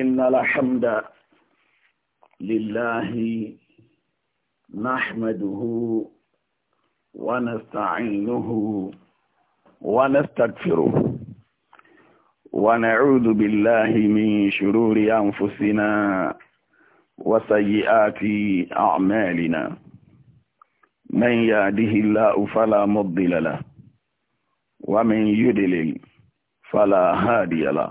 إن الحمد لله نحمده ونستعينه ونستغفره ونعوذ بالله من شرور أنفسنا وسيئات أعمالنا من يهده الله فلا مضل له ومن يدلل فلا هادي له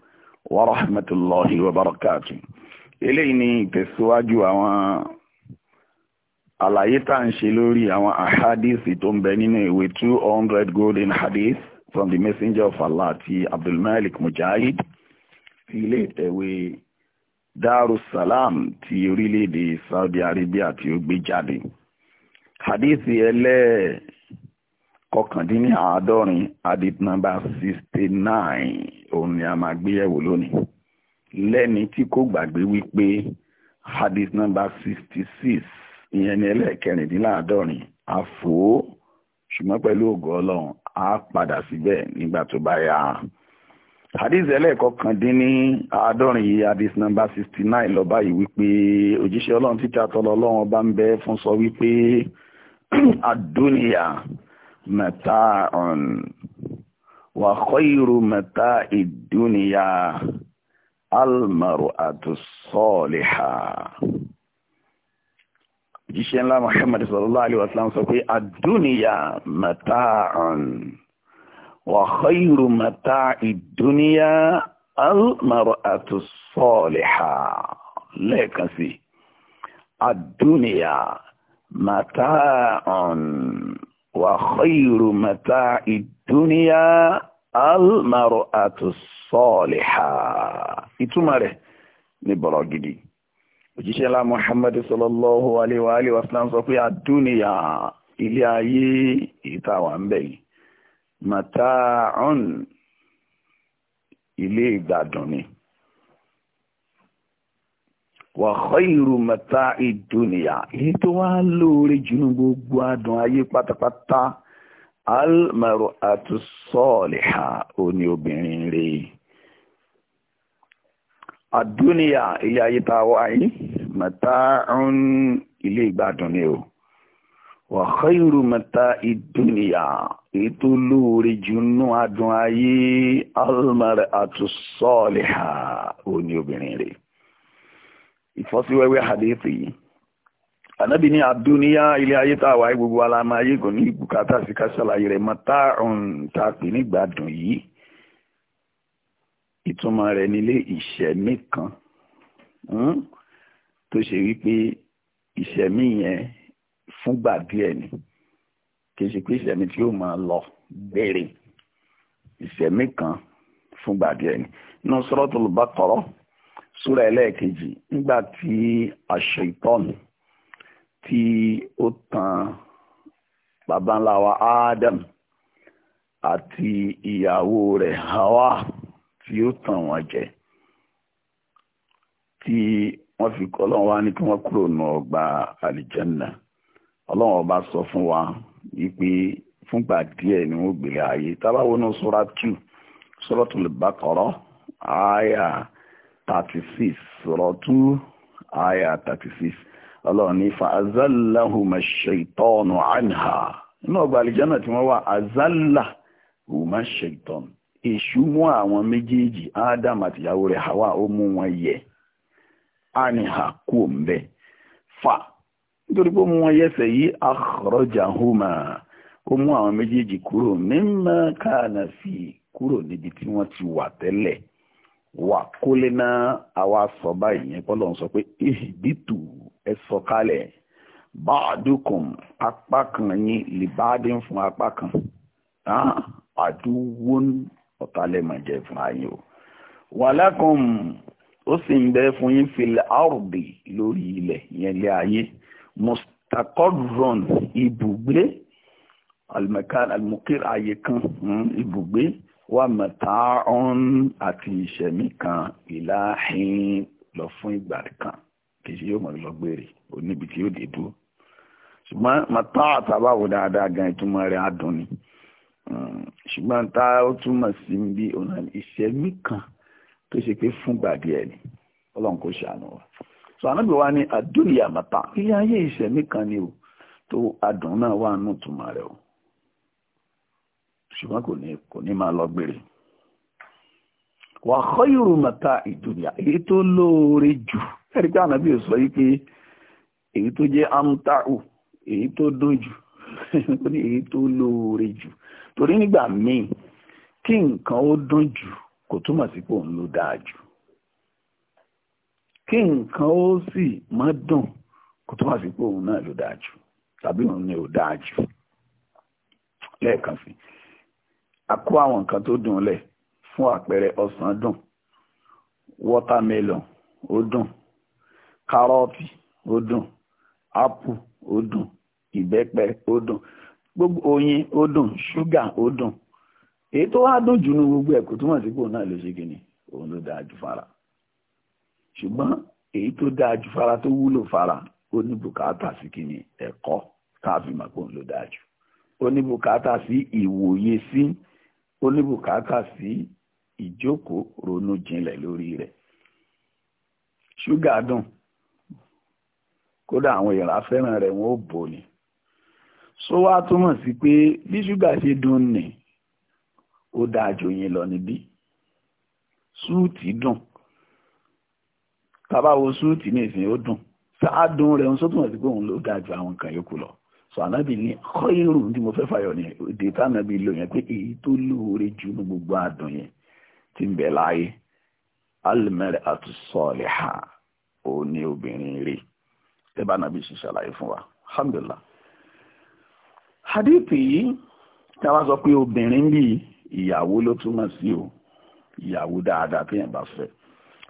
wa rahmatulahi wa barakatu eléyìí ni ìtẹ̀síwájú àwọn àlàyé tá à ń ṣe lórí àwọn ahadisi tó ń bẹ nínú ìwé two hundred golden hadith from the messenger of allah ti abdulmalik mujahid ti ilé ìtẹ̀wé darussalam ti orílẹ̀-èdè saudi arabia tí ó gbé jáde hadithi ẹlẹ́ẹ̀ kọkàndínláàádọ́rin hadith number sixty nine òun ni a máa gbé yẹ̀wò lónìí lẹ́ni tí kò gbàgbé wípé hadith number sixty six ìyẹn ni ẹlẹ́ẹ̀kẹrìndínláàádọ́rin àfò ṣùgbọ́n pẹ̀lú ògo ọlọ́run á padà síbẹ̀ nígbà tó bá yá hadith ẹlẹ́ẹ̀kọkàndínní àádọ́rin yìí hadith number sixty nine lọ báyìí wípé òjíṣẹ́ ọlọ́run títà tọ́lọ ọlọ́run bá ń bẹ fún sọ wípé àdúnìyà mẹ́ta ọ̀n وخير متاع الدنيا المرأة الصالحة جيشين الله محمد صلى الله عليه وسلم سوكي الدنيا متاع وخير متاع الدنيا المرأة الصالحة لكسي الدنيا متاع wà khayru mata'i dunya al-mar'atu s-salihah ìtumọ̀ rẹ̀ ní bọ̀rọ̀ gidi òjíṣẹ́ ńlá muhammad sallallahu alaihi wa alihi wasallam sọ pé àdúnìyà ilé ayé ìtawà ń mata'un ilé ìgbàdùn ni wà khayru mata'id dunya èyí tó wá lóore jùlọ gbogbo adùn ayé pátápátá almar'atu saliha ó ní obìnrin rè àdúnìyà ilé ayé tá a wá yìí mata'un ilé ìgbádùn ni o wà khayru mata'id dunya èyí tó lóore jùlọ adùn ayé almar'atu saliha ó ní obìnrin rè ìfọ́síwẹ́wẹ́ hadith yìí ànábì ní àdúníyá ilé ayé tá a wáyé gbogbo alámà ayé kò ní bùkátà sí ká ṣàlàyé rẹ̀ mọ́ tá òun ta pè nígbàdùn yìí ìtumọ̀ rẹ̀ nílé ìṣẹ̀mí kan hmm, tó ṣe wípé ìṣẹ̀mí yẹn fúngbà díẹ̀ ni kì í ṣe pé ìṣẹ̀mí tí yóò máa lọ gbére ìṣẹ̀mí kan fúngbà díẹ̀ ni nínú Suratul Baqarah súra ẹlẹ́ẹ̀kejì nígbà tí àṣẹ ìtọ́nù tí ó tan bàbá Adam àti ìyàwó rẹ̀ Hawa tí ó tàn wọ́n jẹ tí wọ́n fi kọ́ ọlọ́run wá ní kí wọ́n kúrò nù ọgbà àlìjẹ́nà ọlọ́run ọba sọ fún wa wípé fúngbà díẹ̀ ni wọ́n gbèrè ààyè tábàwọn náà sura two Suratul Baqara ààyà. 36 suratu àyà 36 ọlọ́run ní fa azallahuma ṣaitọ́nù anha inú ọgbà àlìjánà tí wọ́n wà azallahuma ṣaitọ́nù èṣù mú àwọn méjèèjì adam àtìyàwó rẹ̀ hawa ó mú wọn yẹ anha kú òǹbẹ fa nítorí pé ó mú wọn yẹsẹ̀ yìí akhrajahuma ó mú àwọn méjèèjì kúrò mimma kana fi kúrò níbi tí wọ́n ti wà tẹ́lẹ̀ wà kólé náà àwa sọ báyìí yẹn pọ́lọ̀ ń sọ pé ìbítù ẹ sọ kalẹ̀ báàdùkùn apá kan yín lìbádín fún apá kan ah, àdúwó ọ̀tálẹ̀mọ̀jẹ̀ fún ayé o wàlákùn ó sì ń bẹ fún yín filẹ̀ áùrùbì lórí ilẹ̀ yẹn lé ayé mustakọ́rùn ibùgbé almukir ayé kan hmm, ibùgbé. Hmm, wà mata'un àti ìṣẹ̀mí kan ìlàhìn lọ fún ìgbà kan kì í ṣe yóò mọ̀ lọ gbére ó níbi tí yóò dé dúró ṣùgbọ́n mata àtàbáwò dáadáa gan ìtumọ̀ rẹ̀ adùn ni hmm, ṣùgbọ́n tá ó túmọ̀ sí bí ìṣẹ̀mí kan tó ṣe pé fúngbà díẹ̀ ni ọlọ́run kò ṣàánú wa so anábì wa ni àdúnyà mata ilé ayé ìṣẹ̀mí kan ni o tó adùn náà wà nù túmọ̀ rẹ̀ o ṣùgbọ́n kò ní kò ní máa lọ gbére wà khayru mata ìdúnyà èyí tó lóore jù ẹ̀rí pé ànábì ò sọ wípé èyí tó jẹ́ amtau èyí tó dùn jù ó ní èyí tó lóore jù torí nígbà míì kí nǹkan ó dùn jù kò túmọ̀ sí pé òun ló dáa jù kí nǹkan ó sì má dùn kò túmọ̀ sí pé òun náà ló dáa jù tàbí òun ni ò dáa jù lẹ́ẹ̀kan sí i àkó àwọn nǹkan tó dùn lẹ̀ fún àpẹẹrẹ ọsàn dùn watermelon ó dùn kárọ́ọ̀tì ó dùn ápù ó dùn ìbẹ́pẹ ó dùn gbogbo oyin ó dùn ṣúgà ó dùn èyí tó wá dùn jù ní gbogbo ẹ̀kọ́ túmọ̀ sí pò náà ló ṣe kìíní òun ló dáa jù fara ṣùgbọ́n èyí tó dáa jù fara tó wúlò fara ó ní bùkátà sí kìíní ẹ̀kọ́ káàfin mọ̀ pé òun ló dáa jù ó ní bùkátà sí ìwòye sí. Si ó ní bùkátà sí ìjókòó ronú jinlẹ̀ lórí rẹ̀ ṣúgà dùn kódà àwọn èèrà fẹ́ràn rẹ̀ wọ́n ò bò ní so wá túmọ̀ sí pé bí ṣúgà ṣe dùn ni ó dáa jù yín lọ níbí súùtì dùn tá bá súùtì ní ìsìn ó dùn sáà dùn rẹ̀ ń sọ́tùmọ̀ sí pé òun ló dáa jù àwọn nǹkan yòókù lọ so ànábì ní khairu tí mo fẹ́ fàyọ ní èdè tànábì lò yẹn pé èyí tó lóore jù ní gbogbo àdùn yẹn ti ń bẹ láàyè al-mar'atu s-saliha ó ní obìnrin rè ẹ bá ànábì ṣe ṣàlàyé fún wa alhamdulillah hadith yìí tí a wá sọ pé obìnrin bí ìyàwó ló túmọ̀ sí o ìyàwó dáadáa téèyàn bá fẹ́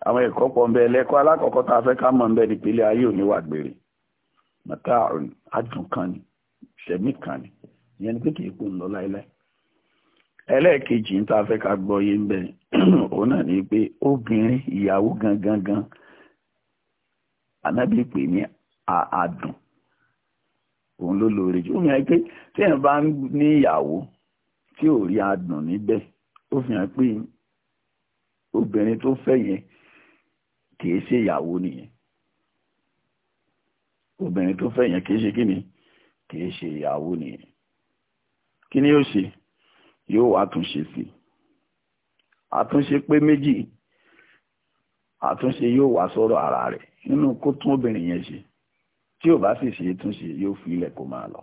àwọn ẹ̀kọ́ pọ̀ ń bẹ lẹ́kọ́ alákọ̀ọ́kọ́ tá a fẹ́ ká mọ̀ ń bẹ nípínlẹ̀ ayé òní wà gbére mọ̀tá àdùn kan ni ṣẹ̀mí kan ni ìyẹn ni pé kì í kó ń lọ láéláé ẹlẹ́ẹ̀kejì ń ta fẹ́ ká gbọ́ yé ń bẹ̀ òun náà ni pé obìnrin ìyàwó gangan gan ànábì pè ní àdùn òun ló lóore jù ó fi hàn pé tí èèyàn bá ní ìyàwó tí ò rí adùn níbẹ̀ ó fi hàn pé obìnrin tó fẹ́ yẹn kì í ṣe ìyàwó nìyẹn obìnrin tó fẹ́ yẹn kì í ṣe kí ni kìí ṣe ìyàwó nìyẹn kí ni yóò ṣe yóò wá túnṣe sí àtúnṣe pé méjì àtúnṣe yóò wá sọ̀rọ̀ ara rẹ̀ nínú kó tún obìnrin yẹn ṣe tí ò bá sì ṣe túnṣe yóò fi ilẹ̀ kó máa lọ.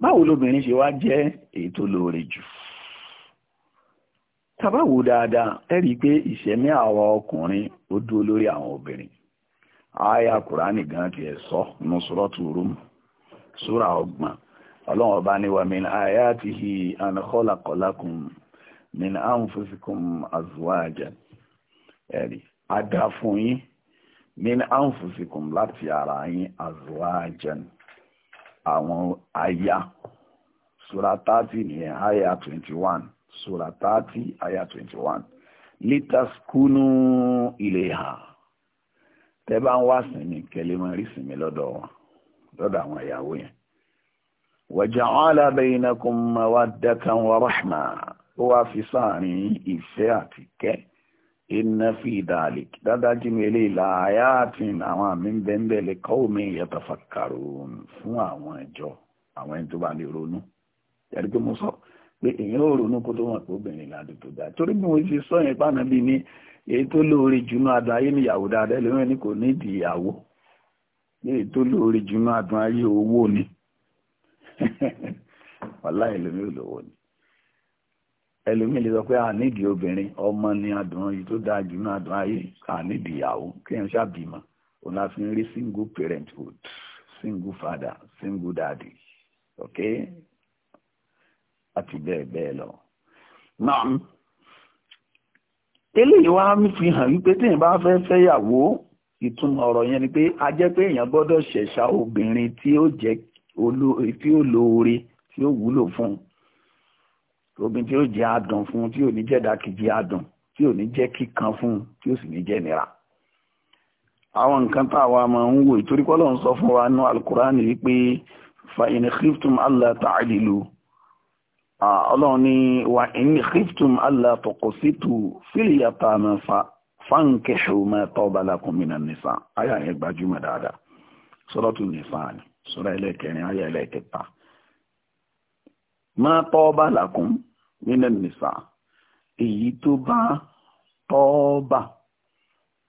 báwo lobìnrin ṣe wá jẹ́ èyí tó lóore jù tàbáwò dáadáa ẹ rí i pé ìṣẹ̀mí àwa ọkùnrin ó dúró lórí àwọn obìnrin àyà kùránì gan tiẹ̀ sọ nínú sọ́rọ́tù rúm sóra ọgbọ̀n ọlọ́run ọba ní wa min ayatihi an khalaqa lakum min anfusikum azwajan ẹ̀rí adá fún min anfusikum láti ara yín azwajan àwọn aya sóra 30 nìyẹn àyà 21 sura thirty aya 21 one litaskunu ileha tẹ́ bá ń wá sinmi kẹ́lẹ́ máa rí sinmi lọ́dọ̀ wọn lọ́dọ̀ àwọn ìyàwó yẹn waja'ala bainakum mawaddatan wa rahma ó wá fi sáàrin ìfẹ́ àti kẹ́ inna fi dhalik dádájú mi eléyìí la ayatin àwọn àmì ń bẹ́ńbẹ́ lè qaumin yatafakkarun fún àwọn ìjọ àwọn ẹni tó bá lè ronú yàrá pé mo sọ. pé èyàn ò ronú kó tó wọn pé obìnrin ládù tó dáa torí bí mo ṣe sọ yẹn pàmò bíi ní èyí tó lóore jùnú adùn ayé níyàwó dáadáa lórí ẹni kò ní ìdí ìyàwó èyí tó lóore jùnú adùn ayé owó ni wàhálà ẹlòmí ò lówó ni ẹlòmí lè sọ pé obìnrin ọmọ ni adùn tó dáa jùnú adùn ayé ìyàwó ṣàbímọ rí single parenthood single father single daddy àti bẹ́ẹ̀ bẹ́ẹ̀ lọ. Naam eléyìí wá ń fi hàn wípé téèyàn bá fẹ́ fẹ́yàwó ìtumọ̀ ọ̀rọ̀ yẹn ni pé a jẹ́ pé èèyàn gbọ́dọ̀ ṣẹ̀ṣà obìnrin tí ó jẹ́ tí ó lóore tí ó wúlò fún un obìnrin tí ó jẹ́ adùn fún un tí ò ní jẹ́ dákìjì adùn tí ò ní jẹ́ kíkan fún un tí ò sì ní jẹ́ nira àwọn nǹkan tá àwa máa ń wò ìtorí pé Ọlọ́run sọ fún wa nínú alukurani wípé fa in khiftum allah ta'dilu ọlọ́run ni wà ní khiftum allah tuqsitu fil yatama fankihu ma taba lakum minan nisa àyà yẹn gbajúmọ̀ dáadáa suratu nisa ni sura ẹlẹ́kẹrin àyà ẹlẹ́kẹta ma taba lakum minan nisa èyí tó bá tọ́ọ̀bà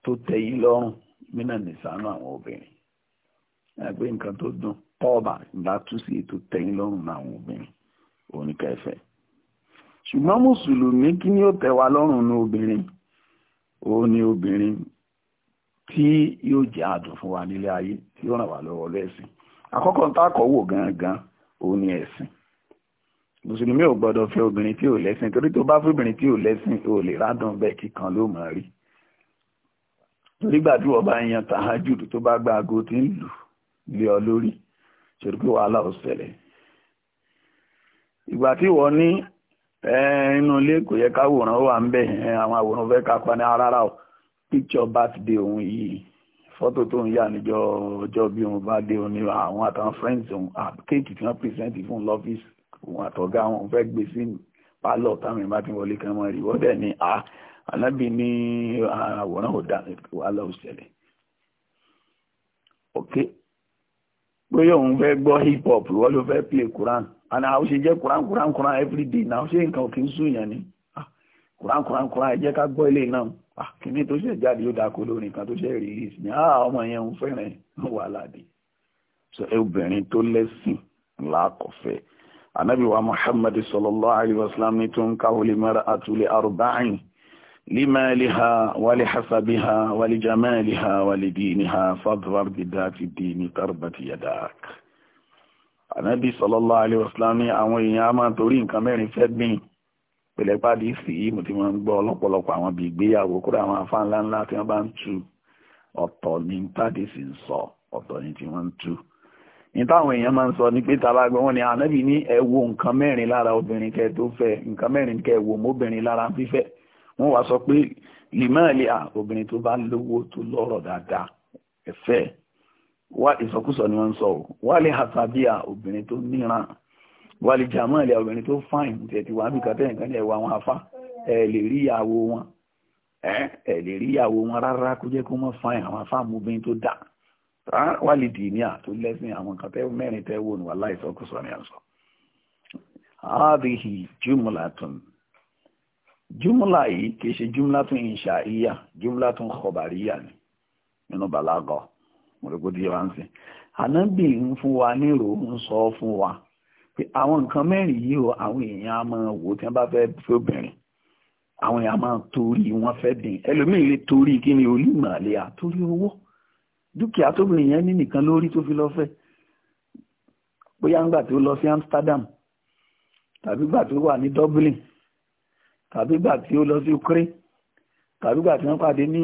tó tẹ̀yìn lọ́rùn minan nisa náà àwọn obìnrin ẹgbẹ́ nǹkan tó dùn tọ́ọ̀bà ìlà túnṣe tó tẹ̀yìn lọ́rùn náà àwọn obìnrin oníkẹfẹ́ ṣùgbọ́n mùsùlùmí kí ni ó tẹ́ wa lọ́rùn ní obìnrin ó ní obìnrin tí yóò jẹ́ àdùn fún wa nílé ayé tí ó ràn wá lọ́wọ́ lẹ́sìn àkọ́kọ́ tá a kọ́ wò gangan ó ní ẹ̀sìn mùsùlùmí ò gbọ́dọ̀ fẹ́ obìnrin tí ò lẹ́sìn torí tó bá fẹ́ tí ò lẹ́sìn ò lè rádùn bẹ́ẹ̀ kíkan ló mọ̀ rí nígbà tí yan tàhájùd tó bá gba aago tí ń lù lé ọ lórí ṣòro pé wàhálà ò ṣẹlẹ̀ ìgbà tí wọ́n ní inú ilé kò yẹ káwòrán wà ń bẹ̀ àwọn àwòrán fẹ́ ká pa ní arára o picture birthday òun yìí fọ́tò tó ń yà níjọ́ ọjọ́ bí òun bá dé òun ní àwọn àtàwọn friends òun kéèkì tí wọ́n present fún lọ́fíìsì òun àtọ̀gá wọn fẹ́ gbé sí pálọ̀ táwọn ìbá ti wọlé kan mọ́ rí wọ́n dẹ̀ ní a alábì ní àwòrán ò dá wàhálà ò ṣẹlẹ̀ ok bóyá òun fẹ́ gbọ́ hip hop wọ́n ló fẹ́ play Quran àná àwọn ṣe jẹ́ kuran kuran kuran everyday náà ṣé nǹkan ò kí ń sùn yẹn ni kuran ah, kuran kuran ẹ jẹ́ ká gbọ́ ilé náà ah, kíní tó ṣe jáde yóò dáko lórí nǹkan tó ṣe release ah, ni ọmọ yẹn ń fẹ́ràn wà ládìí so obìnrin tó lẹ́sìn lákọ̀ọ́fẹ́ anabi wa muhammad sallallahu alayhi wa sallam ni tó ń káwọ́ lè mara àtúlẹ̀ arba'in لمالها ولحسبها ولجمالها ولدينها فاضرب بذات الدين تربت يداك ànábì sallallahu alaihi wasallam ní àwọn èèyàn a máa torí nǹkan mẹ́rin fẹ́ gbìn pẹ̀lẹ́pàdé sí i mo ti máa ń gbọ́ ọlọ́pọ̀lọpọ̀ àwọn bíi ìgbéyàwó kódà àwọn afá ńlá ńlá tí wọ́n bá ń tu ọ̀tọ̀ ní tàdé sì ń sọ ọ̀tọ̀ ní tí wọ́n ń tu ní táwọn èèyàn máa ń sọ ní pé tabagbọ́n wọn ni ànábì ní ẹ wo nǹkan mẹ́rin lára obìnrin kẹ tó fẹ́ nǹkan mẹ́rin kẹ wo mọ́bìnrin lára fífẹ́ wọ́n wá sọ pé lìmọ́ọ̀lì wa ìsọkúsọ ni wọ́n sọ wálé hasabia obìnrin tó níran wálé jamal obìnrin tó fáìn tẹ̀tí wà bí kàtẹ́ nǹkan ní ẹ̀wà àwọn afá ẹ̀ rí ìyàwó wọn ẹ̀ rí ìyàwó wọn rárá kó jẹ́ kó mọ́ fáìn àwọn afá mobin tó dà wálé dìníà tó lẹ́sìn àwọn kàtẹ́ mẹ́rin tẹ́ wò ní wà ìsọkúsọ ni wọ́n sọ. hadihi jumulatun jumla yìí kì í ṣe mo rò pé díẹ̀ wá ń sìn ànábì ń fún wa nírò ń sọ fún wa pé àwọn nǹkan mẹ́rin yìí o àwọn èèyàn á máa wò tí wọ́n bá fẹ́ fi àwọn èèyàn máa torí wọn fẹ́ dín ẹlòmíì lè torí kí ni olùmọ̀lẹ́ àtórí owó dúkìá tóbìnrin yẹn ní nìkan lórí tó fi lọ fẹ́ bóyá ńgbà tó lọ sí Amsterdam tàbí gbà tó wà ní Dublin tàbí gbà tí ó lọ sí Ukraine tàbí gbà tí wọ́n pàdé ní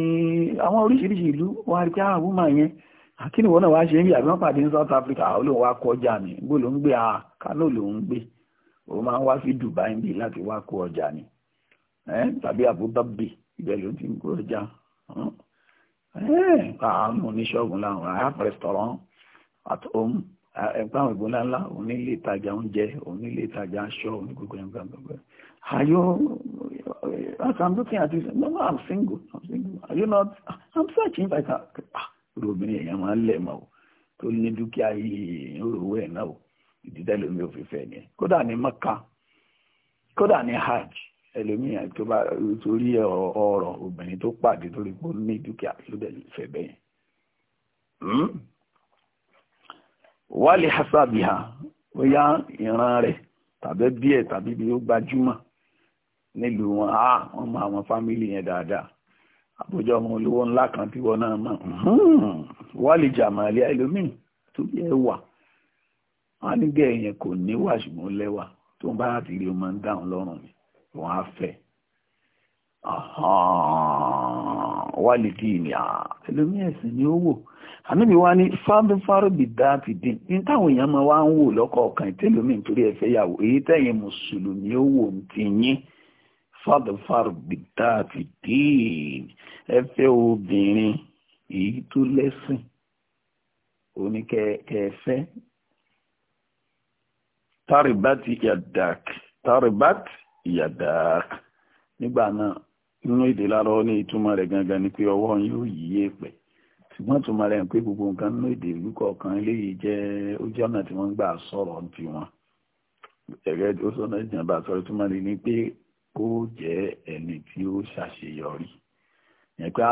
àwọn oríṣiríṣi ìlú wọn á pé àwọn ah, àwùmọ̀ yẹn akíni ah, wọn náà wá ṣe ń yà bí pàdé ní South Africa ah, olóhùn wá kó ọjà ni gbó ló ń gbé a ah, Kánò ló ń gbé òun máa ń wá sí Dubai bí láti wá kó ọjà ni tàbí Abu Dhabi ibẹ̀ ló ti ń kó ọjà àánú oníṣọ́gun láwọn app restaurant at home ẹgbẹ́ àwọn ìbò ńláńlá onílé ìtajà oúnjẹ onílé ìtajà aṣọ onígbogbo ẹgbẹ́ gbogbo are as i'm looking at this no i'm single i'm single are you not i'm searching if i can ah irú obìnrin èèyàn máa ń lẹ̀ mọ́ o tó ní dúkìá yìí owó ẹ̀ náà o ìdílé lómi ò fi fẹ́ ni kódà maka kódà ní hajj ẹlòmíràn tó bá torí ọ̀rọ̀ obìnrin tó pàdé torí pé ó ní dúkìá ló dẹ̀ fẹ́ bẹ́ẹ̀ hmm? wálé ha bóyá ìran rẹ̀ tàbí bí ẹ̀ tàbí bí ó gbajúmọ̀ nílùú wọn ah, wọn àbújá ọmọ olówó ńlá kan tí wọn náà mọ wálé jàmàlẹ ẹlòmíì tó yẹ wà wọn á ní gẹ̀ẹ́yẹn kò níwà ṣùgbọ́n lẹ́wà tó ń bá láti rí ọmọ ń dáhùn lọ́rùn ni wọn á fẹ́ wálé díìnì ẹlòmíì ẹ̀sìn ni ó wò àníbi wá ní fábífáró bìdá ti dín ní táwọn èèyàn máa wá ń wò lọ́kọ̀ọ̀kan ìtẹ́lómi nítorí ẹ̀fẹ́ yàwó èyí tẹ̀yìn mùsùlùmí ó wò ń ti yín fàdùfàr bìtà àti díìn ẹ fẹ́ obìnrin èyí tó lẹ́sìn òní kẹfẹ́ tàrìbàtì yadak tàrìbàtì yadak nígbà náà inú èdè lárọ́ ní ìtumọ̀ rẹ̀ gangan ni pé ọwọ́ yóò yí èpẹ̀ ṣùgbọ́n ìtumọ̀ rẹ̀ ń pé gbogbo nǹkan nínú èdè ìlú kọ̀ọ̀kan eléyìí jẹ́ ojú ọ̀nà tí wọ́n gbà sọ̀rọ̀ ti wọn ẹ̀rẹ́ ó sọ̀nà ìjàmbá sọ̀rọ̀ ìtumọ̀ rẹ̀ ni pé kó jẹ́ ẹni tí ó ṣàṣeyọrí yẹn pé igba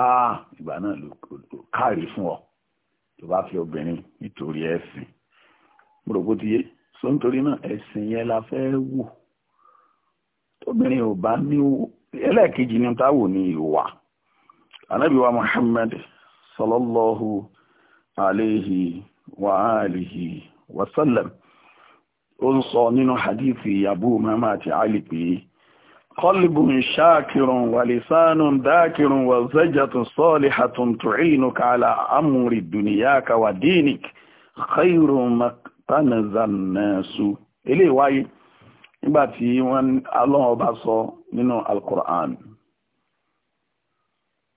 ìgbà náà ló káàrí fún ọ tó bá fi obìnrin nítorí ẹ̀sìn mo rò bó ti yé so nítorí náà ẹ̀sìn yẹn la fẹ́ wò tóbìnrin ò bá ní ẹlẹ́ẹ̀kejì ní ni ní ìwà anábìwá muhammed sallallahu alayhi wa alihi wa sallam ó ń sọ nínú hadithi abu muhammad ali pé قلب شاكر ولسان ذاكر وزجة صالحة تعينك على أمر دنياك ودينك خير ما اكتنز الناس ilé ìwáyé nígbà tí wọ́n Ọlọ́run ọba sọ nínú Al-Qur'an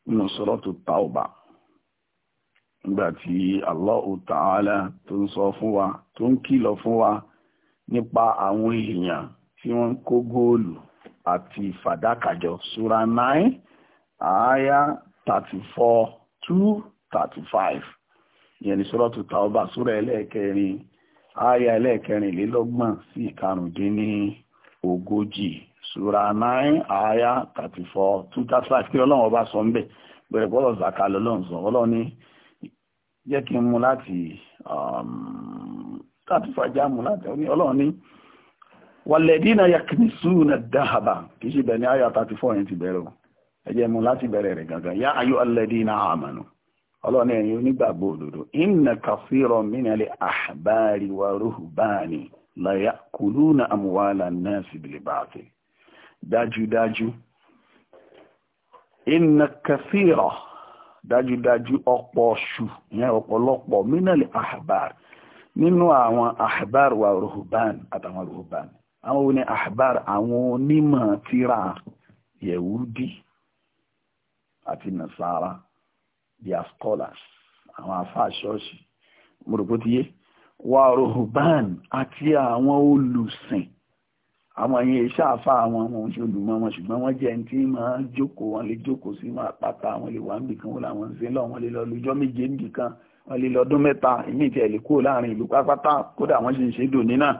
nínú Suratu Tawbah nígbà tí Allahu Ta'ala tó ń sọ fún wa tó ń kìlọ̀ fún wa nípa àwọn èèyàn tí wọ́n ń kó góòlù àti fàdákàjọ sura nine aya thirty four two thirty five ìyẹn ní sura tó ta ọba sura ẹlẹ́ẹ̀kẹrin aya ẹlẹ́ẹ̀kẹrìnlélọ́gbọ̀n sí ìkarùndínní ogójì sura nine aya thirty four two thirty five kí ọlọ́run ọba sọ ń bẹ̀ bẹ̀rẹ̀ bọ́lọ̀ zaka lọ́lọ́run sọ ọlọ́run ní jẹ́ kí n mú láti um, thirty five já mú láti ọlọ́run ní wàlẹ̀dínà yaknisuna dáhàbà kìí ṣe bẹ̀rẹ̀ ayọ̀ 34 yẹn ti bẹ̀rẹ̀ o ẹjẹ́ mú láti bẹ̀rẹ̀ rẹ̀ gangan yá ayọ̀ alẹ́dínà àmànù ọlọ́ni ẹ̀yin onígbàgbọ́ òdodo inna kàfíràn mínàlẹ̀ àhàbárí wa ruhbani la yakuluna àmúwàlà náà sì bìlẹ̀ báàtì dájúdájú inna kàfíràn dájúdájú ọ̀pọ̀ yẹn ọ̀pọ̀lọpọ̀ mínàlẹ̀ àhàbárí nínú àwọn àhàbárí wa ruhbani àtàwọn ruhbani àwọn oní ahbar àwọn onímọ̀ tíra yẹ̀wúdí àti nasara their scholars àwọn àfáà ṣọ́ọ̀ṣì mọ̀rọ̀pótíyé wà rohban àti àwọn olùsìn àwọn èèyàn iṣẹ́ àfá àwọn ọmọ oúnjẹ olùmọ̀ wọn ṣùgbọ́n wọ́n jẹ́ tí máa jókòó wọn lè jókòó sí máa pátá wọn lè wà níbìkan wọn làwọn ń ṣe lọ wọn lè lọ lójọ́ méje níbìkan wọn lè lọ́dún mẹ́ta ìmí ìtẹ̀lẹ̀ láàrin ìlú pátápátá kódà wọ́n ṣe ń ṣe dòní náà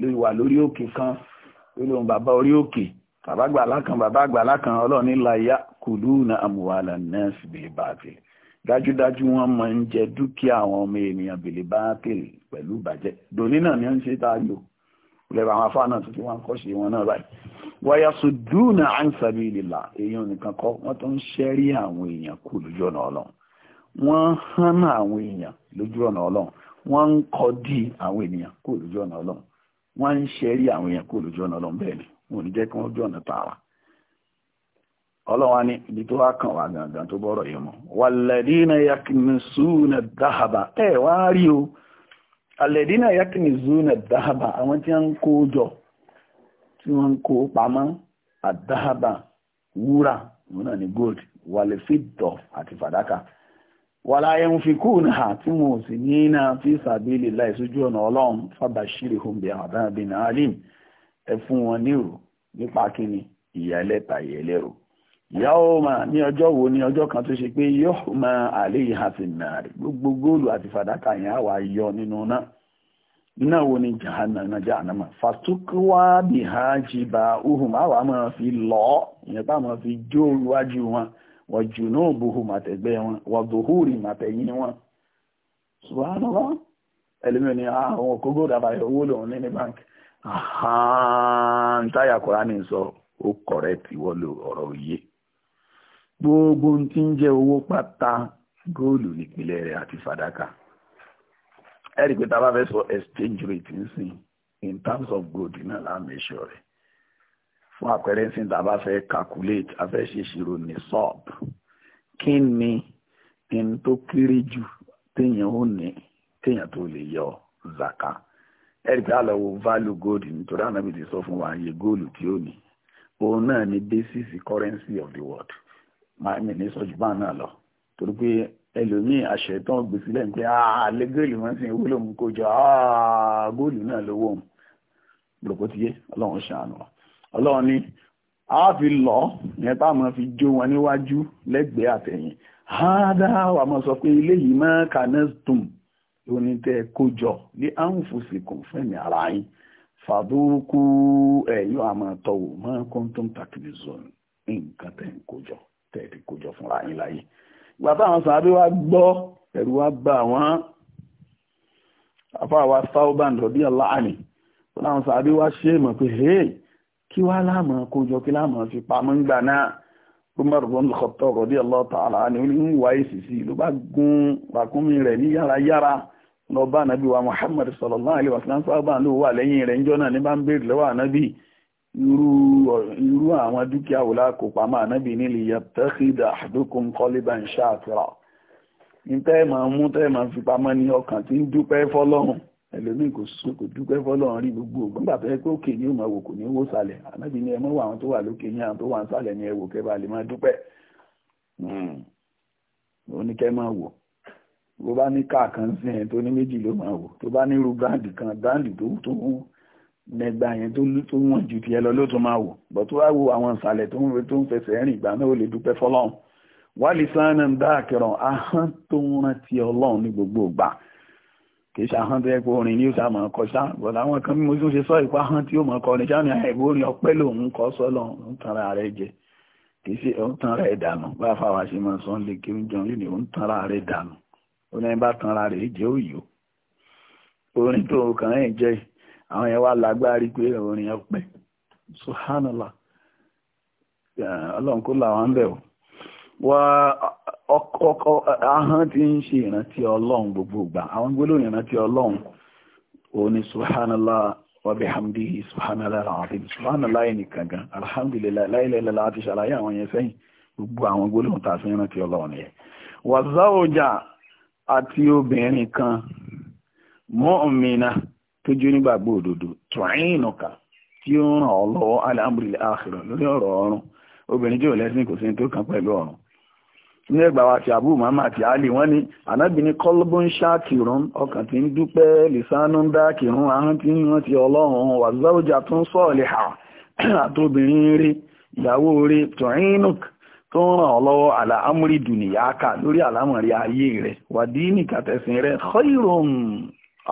ló wà lórí òkè kan ló lóun bàbá orí òkè bàbá àgbàlá kan bàbá àgbàlá kan ọlọ́run ní láyà kùlú na àmúwalà nẹ́ẹ̀sì bèbàtìl dájúdájú wọn máa ń jẹ dúkìá àwọn ọmọ ènìyàn bèbàtìl pẹ̀lú ìbàjẹ́ dòní náà ni wọ́n ń ṣe tá a lò lẹ́bàá àwọn afáànà tó ti wá ń kọ́ṣe wọn náà báyìí wáyà sùdúnà àǹsàbí ìlìlà èèyàn nìkan kọ́ wọ́n tó ń ṣẹ́rí àwọn èèyàn kù lójú ọ̀nà ọlọ́run wọ́n hánà àwọn èèyàn lójú ọ̀nà ọlọ́run wọ́n ń kọ́ dí àwọn ènìyàn kù lójú ọ̀nà ọlọ́run wọ́n ń ṣẹ́rí àwọn èèyàn kó lójú ọ̀nà ọlọ́run bẹ́ẹ̀ ni wọn ò ní jẹ́ kí wọ́n jọ̀nà tààrà ọlọ́wà ní ibi tó wá kàn wá gangan tó bọ́rọ̀ yìí mọ̀ wàlẹ̀dínà yakinizuna dáhàbà ẹ wá rí o àlẹ̀dínà yakinizuna dáhàbà àwọn tí wọ́n ń kó jọ tí wọ́n ń kó pamọ́ àdáhàbà wúrà wọn náà ní gold wàlẹ̀fídọ̀ àti fàdákà wàlá ẹ̀hún fi kú náà tí mo sì ní náà fi sàbílì láì sójú ọ̀nà ọlọ́run fàbàṣírí náà alim ẹ fún wọn nírò nípa kíni ìyà ní wo ní ọjọ́ kan tó ṣe pé yóò mọ àlè ìhàfin náà rè gbogbo góòlù àti fàdákà yẹn á yọ nínú náà wo ni fàtúkúwá uhùn fi lọ ìyẹn bá máa fi jó iwájú wọn wọ́n jù náà bohu màtẹ̀gbẹ́ wọn wọ́n bohúrì màtẹ̀yìn wọn subhanallah ẹlẹ́mìí ni ah, àwọn òkógó dàbàyẹ̀ owó lòun ní ní báńkì ntáyà kọ́ránì sọ ó kọ̀rẹ́tì wọ́n lo ọ̀rọ̀ òye gbogbo tí ń jẹ́ owó pátá góòlù nípìnlẹ̀ rẹ̀ àti fàdákà pé fẹ́ in terms of gold náà láàmì ìṣọ́ fún àpẹẹrẹ sí ta bá fẹ́ calculate a fẹ́ ṣe ìṣirò ní sub kí ni in tó kéré jù téèyàn ò ní téèyàn tó lè yọ zaka ẹ̀rí pé àlọ́ wo value gold nítorí ànábì ti sọ fún wa iye góòlù tí ó ní òun náà ni basis currency of the world máa mi ní sọ́jú bá náà lọ torí pé ẹlòmíì àṣetán gbèsè lẹ́yìn pé àlẹ́ góòlù wọn sì ń wúlò mú kó jọ ah, góòlù náà lówó òun lòpótíyé ọlọ́run ṣàánú ọlọ́run ni a fi lọ yẹn tá a máa fi jó wọn níwájú lẹ́gbẹ̀ẹ́ àtẹ̀yìn hádà wà máa sọ pé eléyìí máa kanestum lóní tẹ kójọ ní àǹfòsìkò fẹ̀mí ara yín fàdúkú ẹ̀yọ́ àmọ́tọ́wò máa kọ́ńtọ́m takilizon nǹkan tẹ̀ ń kójọ tẹ̀ ti kójọ fúnra yín láyé ìgbà táwọn sàábé wa gbọ́ ẹ̀rù wa gba àwọn afáwa sáúbà lọ́dí ọ̀la àní wọn àwọn sàábé wa ṣe é mọ̀ pé kí wá láàmú kójọ kí láàmú fi pamọ́ ńgbà náà Umar ibn al-Khattab radiyallahu ta'ala ni ó ní ń wá ìsìsì ló bá gún ràkúnmí rẹ̀ ní yárayára lọ bá nàbí wa Muhammad sallallahu alaihi wasallam sábà ló wà lẹ́yìn rẹ̀ ńjọ́ náà ní bá ń béèrè lọ́wọ́ ànábì irú àwọn dúkìá wò lákò pamọ́ ànábì ní li yattakhidha ahadukum qaliban shakira ní tẹ́ẹ̀mọ̀ mú tẹ́ẹ̀mọ̀ fi pamọ́ ní ọkàn tí ń dúpẹ́ fọ́lọ́run ẹlòmíì kò sún kò dúpẹ́ fọ́lọ́run rí gbogbo ògbọ́n gbàtọ́ ẹ pé òkè ní òmò wò kò ní wò sàlẹ̀ ànábì ni ẹ mọ́ wà àwọn tó wà lókè yín àwọn tó wà sàlẹ̀ ni ẹ wò kẹ́ bá lè máa dúpẹ́ oníkẹ́ hmm. máa wò bó bá ní káà kan sí ẹ tó ní méjì ló máa wò tó bá ní irú bíráǹdì kan bíráǹdì tó tó wù nẹgbà yẹn tó wọ́n ju tiẹ̀ lọ ló tó máa wò bọ̀ tó wá wo àwọn ìsàlẹ̀ tó ń fẹsẹ̀ rìn ìgbà náà ó lè dúpẹ́ fọ́lọ́run wálé sáánà ń dá àkẹrọ ahọ́n tó ń rántí ọlọ́run ní gbogbo ìgbà kì í ṣe ahọ́n tó yẹ pé orin ní ìṣàmọ̀ ọkọ̀ ṣá bọ̀dọ̀ àwọn kan bí mo tún ṣe sọ ìpá ahọ́n tí ó mọ̀ kọrin ṣá ni àìbó orin ọpẹ́ lòun kọ́ sọ́lọ̀ ń tanra rẹ̀ jẹ kì í ṣe ó ń tanra ẹ̀ dànù bá a fáwọn àṣemọ sunday kí ń jọun yìí ó ń tanra rẹ̀ dànù ó ní bá tanra rẹ̀ jẹ́ òyò orin tó kàn ń jẹ àwọn yẹn wá lágbárí pé orin ọpẹ́ subhanallah ọlọ́run kó làwọn bẹ̀ wá ọkọ̀ ahọ́n ti ń ṣe ìrántí ọlọ́run gbogbo ìgbà àwọn gbólóhùn ìrántí ọlọ́run òní subhanallah wa bihamdihi subhanallah alazim subhanallah ẹnìkan gan alhamdulillah la ilaha illallah àti ṣàlàyé àwọn yẹn sẹ́yìn gbogbo àwọn gbólóhùn tá a fi ń ọlọ́run yẹn wa zawja àti obìnrin kan mu'mina tó jó nígbàgbọ́ òdodo tu'inuka tí ó ràn ọ́ lọ́wọ́ ala ọ̀rọ̀ ọ̀run obìnrin tí ò kò sí ní tó kàn pẹ̀lú ọ̀run ní ẹgbà wa ti abu mama ti ali wọ́n ní anábìnrin kọlbọn ṣáàkìrún ọkàn tí ń dúpẹ́ lìsánú ń dá kìrún ahọ́n tí ń rántí ọlọ́run wàzáwùjà tó ń sọ̀ọ̀lẹ̀ hà àtòbìnrin rí ìyàwó rí tọ̀hínùk tó ń ràn ọ́ lọ́wọ́ àlà amúrí dùnìyàáka lórí àlámọ̀rí ayé rẹ̀ wàdíìnì kàtẹ̀sìn rẹ̀ khairum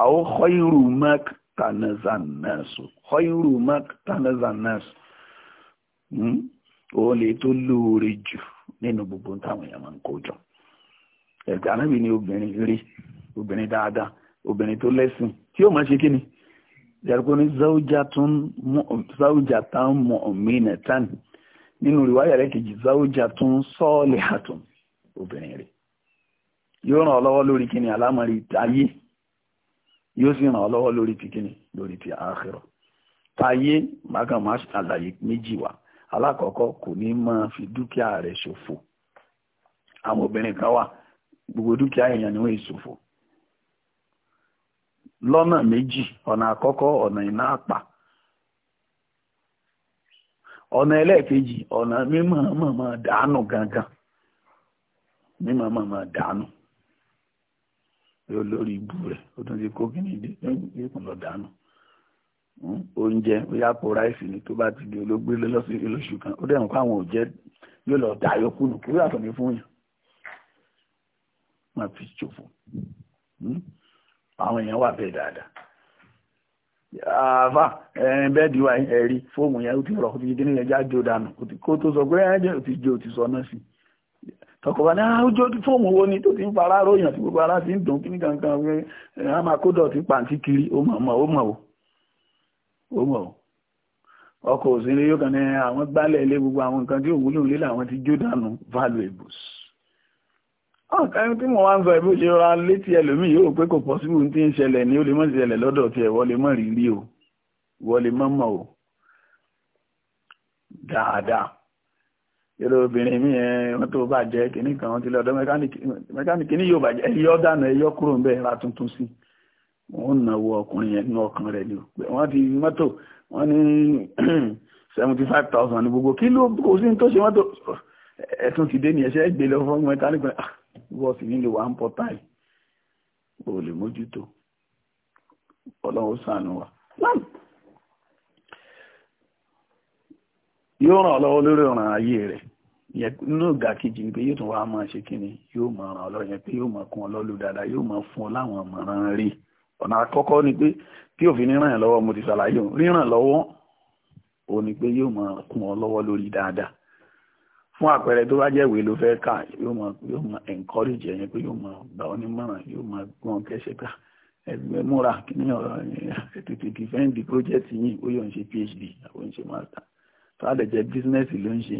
aw khairu mak tanazannasu khairu mak tanazannasu òun hmm? lè tó lóore jù nínú gbogbo táwọn èèyàn máa ń kó jọ anábì ni obìnrin rí obìnrin dáadáa obìnrin tó lẹ́sìn tí yóò máa ṣe kíni jẹ́rìkó ní zawjatan mu'minatan nínú ìwáyà rẹ̀ kejì zawjatun salihatun obìnrin rí yóò ràn ọ́ lọ́wọ́ lórí kíni alámọ̀rí ayé yóò sì ràn ọ́ lọ́wọ́ lórí ti kíni lórí ti àkhírà táyé mákàn máa ṣàlàyé méjì wá alákọ̀ọ́kọ́ kò ní máa fi dúkìá rẹ̀ ṣòfò àwọn obìnrin kan wà gbogbo dúkìá èèyàn ni wọ́n meji lọ́nà méjì ọ̀nà àkọ́kọ́ ọ̀nà iná àpà ọ̀nà ẹlẹ́ẹ̀kejì ọ̀nà mímọ̀ mọ̀mọ̀ dànù gangan mímọ̀ mọ̀mọ̀ dànù olórí ibu rẹ̀ ó tún ti kó kíní dé lọ́dànù Hmm? oúnjẹ bóyá po ráìsì ni tó bá ti di olóògbé lóṣù kan ó dẹ̀rùn káwọn ò jẹ́ yóò lọ dà yókù nù kí ó yàtọ̀ ní fún yàn má fi ṣòfò hmm? àwọn èèyàn wà bẹ́ẹ̀ dáadáa àfà bẹ́ẹ̀dì wa ẹ̀rí fóòmù yẹn ó ti rọ̀ ó ti dín nílẹ̀ jáde ó dànù kó tó sọ pé ẹ̀jẹ̀ ó ti jẹ́ ó ti sọ náà sí i tọkọba ní àwùjọ ah, fóòmù wo ni tó ti ń fara ròyàn tí gbogbo ara ti ń dùn kí ní kankan ẹ á máa kó dọ̀tí ó mọ̀ ọkọ̀ òsínlẹ̀ yóò kàn ní àwọn gbálẹ̀ ilé gbogbo àwọn nǹkan tí òwúlò nílẹ̀ àwọn ti jó dànù valuables ọ̀kan tí mo wá ń sọ ṣe ra létí ẹlòmíì yóò pé kò pọ́síbù tí ń ṣẹlẹ̀ ní ó lè ṣẹlẹ̀ lọ́dọ̀ o wọlé lè mọ̀ o dáadáa yóò obìnrin mi ẹ wọn tó bàjẹ́ kìnnìkan ti lọ́dọ̀ mẹkáníkì yóò bàjẹ́ dànù ẹ̀yọ́ kúrò ń wọ́n náwó ọkùnrin yẹn ní ọkàn rẹ̀ ni wọ́n ti mọ́tò wọ́n ní seventy five thousand ní gbogbo kí ló kò sí ní tó ṣe mọ́tò ẹ̀tún ti dé ní ẹ̀ṣẹ́ ìgbé lọ fún ọmọ ìtàlẹ́ pẹ̀lú bọ́ọ̀sì nílé wà ń pọ̀ táì ò lè mójútó ọlọ́run ṣàánú wa. yóò ràn ọ́ lọ́wọ́ lórí ọ̀ràn ayé rẹ̀ nínú ìgbà kejì ni pé yóò tún wá máa ṣe kí ni yóò máa ràn ọ́ lọ́wọ́ yẹn pé yóò máa kún ọ lọ́lù dáadáa yóò máa fún ọ láwọn ọmọràn rí ọ̀nà àkọ́kọ́ ni pé tí òfin ní ràn lọ́wọ́ mo ti ṣàlàyé òun ríràn lọ́wọ́ ò ní pé yóò máa kún ọ lọ́wọ́ lórí dáadáa fún àpẹẹrẹ tó bá jẹ́ ìwé ló fẹ́ kà yóò máa yóò máa encourage ẹ̀yẹn pé yóò máa gbà ọ́ nímọ̀ràn yóò máa gbọ́n kẹ́sẹ̀ gbà ẹgbẹ́ múra kìíní ọ̀rọ̀ tètè dìfẹ́ǹdì project yìí ó yọ̀ ń ṣe phd àwọn ń ṣe master tó a lè jẹ́ business ló ń ṣe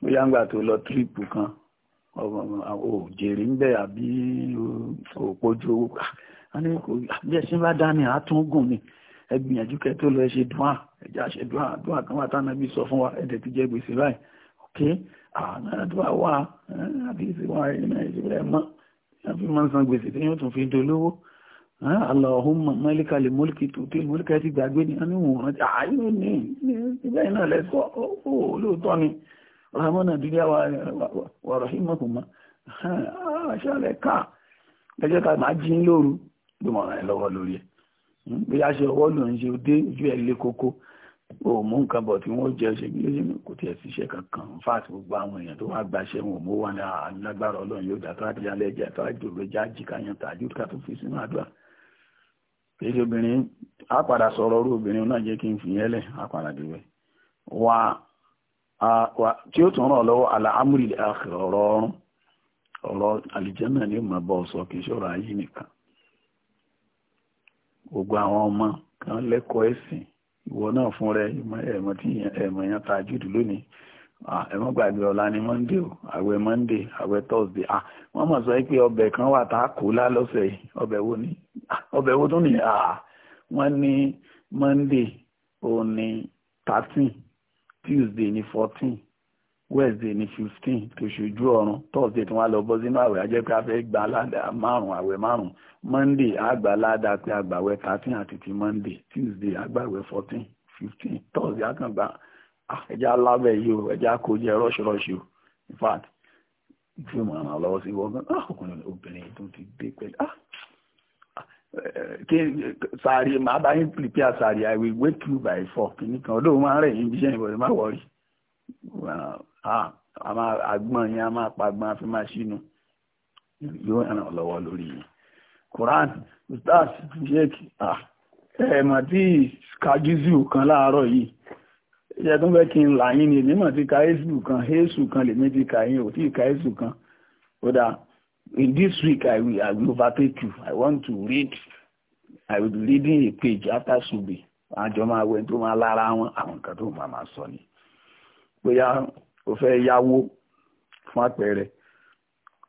bóyá ń gbà tó lọ trip kan ò jèrè ń bẹ̀ àbí òpójú owó kà ani ní kò bí ẹṣin bá dá ní àtúngùn ni ẹ gbìyànjú kẹ tó lọ ẹ ṣe dùn à ẹjẹ àṣẹ dùn à dùn à kan wà tánà bí sọ fún wa ẹdẹ ti jẹ gbèsè báyìí ok àwọn dùn à wà àbí ìsìn wà ẹni náà ìsìn rẹ mọ àfi máa ń san gbèsè tí yóò tún fi dolówó Allahumma malikal mulki tuuti mulki ti gbàgbé ni a ní wọn rántí àyè ní ibẹ̀ náà lẹ́sọ́ ó lóòótọ́ ni ramona dúdíà wà rahimahuma ṣáà lẹ́ka ẹjọ́ ká máa jí lóru bí mo ràn ẹ́ lọ́wọ́ lórí ẹ̀ hmm? bí a ṣe ọwọ́ ló ṣe dé ojú ẹ̀ lé kókó o mú nǹkan bọ̀ tí wọ́n jẹ́ ṣe gbé kò tiẹ̀ síṣẹ́ kankan fáàtì gbogbo àwọn èèyàn tó wá gbaṣẹ́ wọn mú wà ní alágbára ọlọ́run yóò dàtọ́ àti alẹ́ jẹ́ àtọ́ àjòlójá jìkàyàn tàjú ká tó fi sínú àdúrà kìí obìnrin á padà sọ̀rọ̀ orú obìnrin náà jẹ́ kí n fi yẹn lẹ̀ á padà débẹ̀ wà á tí ó tún ràn lọ́wọ́ àlàámúrì àkìrọ̀ ọ̀rọ̀ ọ̀rọ̀ àlìjẹ́ náà ni ó máa bọ́ gbogbo àwọn ọmọ kan lẹ́kọ̀ọ́ ẹ̀sìn ìwọ náà fún rẹ ẹ̀mọ́ tí ẹ̀mọ́ yẹn ta jùdù lónìí ẹ̀mọ́ gbàgbé ọ̀la ni monday o àwẹ̀ monday àwẹ̀ thursday ah wọ́n mọ̀ sọ pé ọbẹ̀ kan wà tá a kó lá lọ́sẹ̀ yìí ọbẹ̀ wo ni ọbẹ̀ wo tún ni ah wọ́n ní monday òun ni thirteen tuesday ni fourteen wednesday ní fifteen tó ṣojú ọrùn thursday tí wọ́n lọ bọ́ sínú àwẹ̀ ajẹ́ pé a fẹ́ gba aláda márùn-ún àwẹ̀ márùn-ún monday àgbà aláda pé àgbàwẹ̀ thirteen àti ti monday tuesday àgbàwẹ̀ fourteen fifteen thursday àkàngbà ah, ẹja lábẹ́ yìí o ẹja kò jẹ́ rọ́ṣirọ́ṣi o in fact tí mo ràn lọ́wọ́ sí wọ́n gan ah, ọkùnrin obìnrin tó ti dé pẹ̀lú ah, eh, kí sàárì máa bá yín prepare sàárì i will wake you by four kìnnìkan ọdún máa ń rẹ̀ yín jíṣẹ́ ìbọ̀dẹ̀ má wọrí àgbọn yẹn a máa pa àgbọn afi máa ṣínú yóò ràn lọ́wọ́ lórí yìí Quran ustaz sheik ẹ̀ẹ̀mọ̀ tí kajizu kan láàárọ̀ yìí ìṣẹ́ tó fẹ́ kí n là yín ni èmi mọ̀ ti ka kan èsù kan lèmi ti ka yín ò tí ì kan ó dáa in this week I will, I overtake you I want to read I will be reading a page after subi àjọ máa wẹ̀ tó máa lára wọn àwọn nǹkan tó máa máa sọ ni bóyá ó fẹ́ yáwó fún àpẹẹrẹ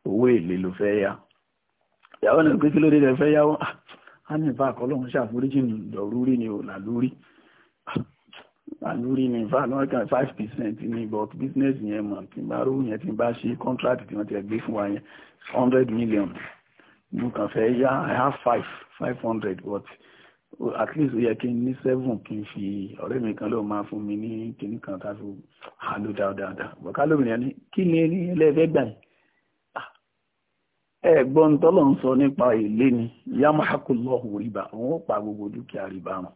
owó èlé ló fẹ́ yá ìyàwó náà pé kí ló dé tẹ́ fẹ́ yáwó á ah, ní ìfà àkọlọ́hún ṣàforíjì lọ́rúrí ni ò làlúrí làlúrí ni ìfà lọ́kàn five percent ní but business yẹn mọ̀ tí bá rówó yẹn tí bá ṣe contract tí wọ́n ti gbé fún wa yẹn hundred million mo kàn fẹ́ yá i have five five hundred but at least ó yẹ kí n ní seven kí n fi ọ̀rẹ́ mi kan ló máa fún mi ní kíní kan tá a fi hà ló dáadáa bọ̀ká lómìnira ni kí ni ní ẹlẹ́fẹ́ gbà yìí ah, ẹ̀gbọ́n tọ́lọ̀ ń sọ nípa èlé ni yamahakulọ́hù rìbá òun ó pa gbogbo dúkìá rìbá rùn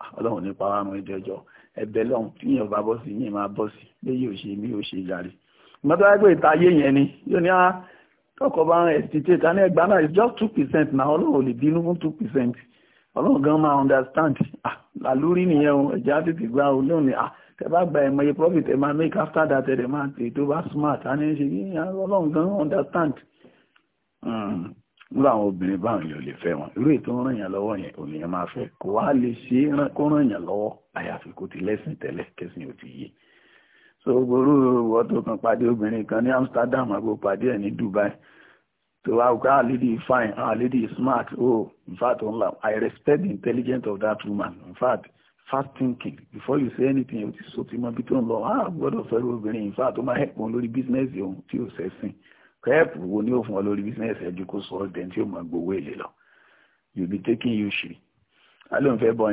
ah, ọlọ́run nípa wa rùn ẹjọ́jọ́ ẹ̀bẹ̀ lọ́hùn tí yẹn bá bọ́ sí yẹn máa bọ́ sí pé yóò ṣe mí ò ṣe yàrí mọ́tò ẹgbẹ́ ìta ayé yẹn ni yóò ní á ah, tọkọ bá ń estimate ní ẹgbàá náà it's just two percent náà ọlọ́run ò lè bínú fún two percent ọlọ́run gan máa understand ah, làlúrí nìyẹn o ẹ̀jẹ̀ á tètè gba o náà ni ẹ bá gba ẹ̀mọ iye profit ẹ máa make after that ẹ̀ máa tè tó bá smart á ní ṣe yíyan ah, ọlọ́run gan understand nígbà hmm, àwọn obìnrin báwọn yóò lè fẹ́ wọn irú ètò ń ràn yàn lọ́wọ́ yẹn ònìyàn máa fẹ́ kó wá lè ṣe kó ràn yàn lọ́wọ́ àyàfi kó ti lẹ́sìn tẹ́lẹ̀ kẹ́sìn ò ti yé so gbòòrò ìwọ tó kan pàdé obìnrin kan ní Amsterdam àgbo pàdé ẹ̀ ní Dubai to our ah lady is fine Our ah, lady is smart oh in fact online i respect the intelligence of that woman in fact fast thinking before you say anything you ti so ti mọ bit on law. Ah, ah gbọ́dọ̀ fẹ́rẹ̀ obìnrin in fact ó máa help wọn lórí business You tí ó sẹ́sìn help wo ni ó fún ọ lórí business ẹ̀jú kó sọ ọ́ dẹ̀ tí ó máa gbowó èlé lọ you be taking you shit alóhùn fẹ́ bọ̀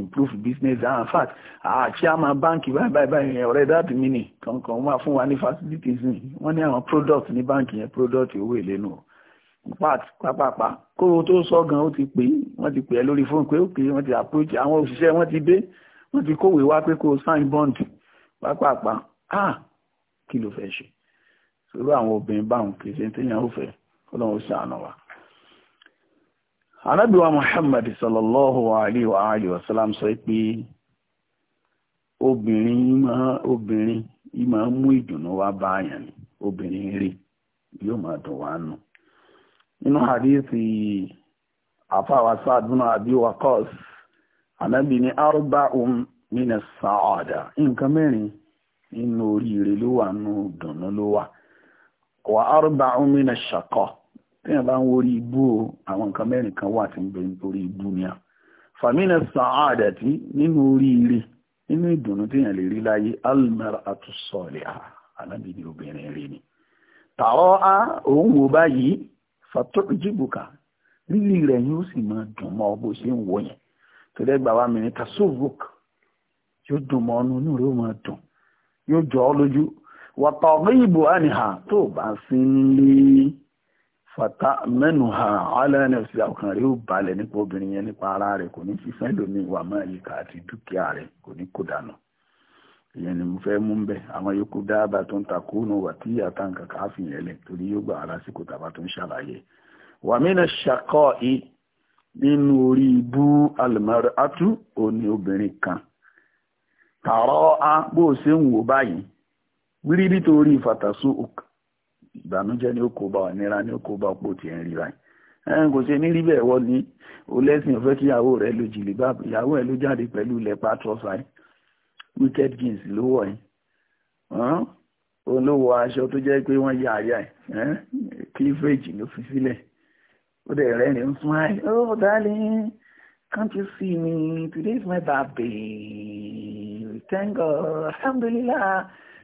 improve business and ah, in fact ah, chairman bank. báyìí báyìí báyìí ọ̀rẹ́ dáàtì mi nì Come wà fún wa ní facilities ni wọ́n ní àwọn product ní báńkì yẹn product owó èlé nù part pápápá kó o tó sọ gan ó ti pè é wọ́n ti pè é lórí fóònù pé ó pè é wọ́n ti approach àwọn òṣìṣẹ́ wọ́n ti dé wọ́n ti kówèé wá pé kó o sign bond papa? ah kilo ló fẹ́ ṣe sọ̀rọ̀ àwọn obìnrin báwọn kì í ṣe ń tẹ̀yàn ó fẹ́ kó lóun wa. anábíwá muhammad sallallahu alaihi wa sallam sọ pé obìnrin obìnrin yìí mú ìdùnnú wá báyàn ni obìnrin rí yóò máa dùn wá nù nínú hadithi àfàwà àbí saada nǹkan mẹ́rin nínú oríire ló wà nù dùnnú ló wà téèyàn bá ń worí ibú o àwọn nǹkan mẹ́rin kan wà tí ń bẹ orí ibú ni a fàmínà sàádàtì nínú oríire nínú ìdùnnú téèyàn lè rí láyé almar atusọ̀lẹ̀ obìnrin rí ni tàọ́ a òun wò báyìí fàtọ́rọ̀ jìbùkà rírì rẹ̀ yóò sì máa dùn mọ́ bó ṣe ń yẹn tó yóò dùn inú ó máa dùn yóò jọ lójú ìbò àníhà tó bá sí ń fata mẹ́nu ha alẹ́ nfc ọkàn rẹ̀ ó balẹ̀ nípa obìnrin yẹn nípa ara rẹ̀ kò ní fífẹ́ lómi ìwà máa yí àti dúkìá rẹ̀ kò ní kó dànù ìyẹn ni mo fẹ́ mú bẹ́ẹ̀ àwọn yòókù dábàá tó ń ta kúnnù wà tí ìyá tá nǹkan ká fi yẹn lẹ̀ torí yóò gbà lásìkò tàbá tó ń ṣàlàyé wàmínà ṣàkọ́ i nínú orí ibú alimọ́rẹ́ atú òní obìnrin kan tààrọ́ a bó o ṣe ń wò báyìí wírí nítorí fàtàsó òkè ìbànújẹ́ ni ó kó bá ọ nira ni ó kó bá ọ̀pọ̀ tiẹ̀ ń rí báyìí ẹn kò ṣe ní rí bẹ́ẹ̀ wọ́ ni olẹ́sìn ọ̀fẹ́ kí ìyàwó rẹ̀ lo jìlìbáàb ìyàwó ẹ̀ ló jáde pẹ̀lú ilẹ̀ patrosa yìí wicked kings ló wọ̀ yìí olówó aṣọ tó jẹ́ pé wọ́n yá àyà ẹ̀ cleavage ló fi sílẹ̀ ó dẹ̀ rẹ́rìn ń oh, smile oh darling can't you see me today is my birthday thank God alhamdulillah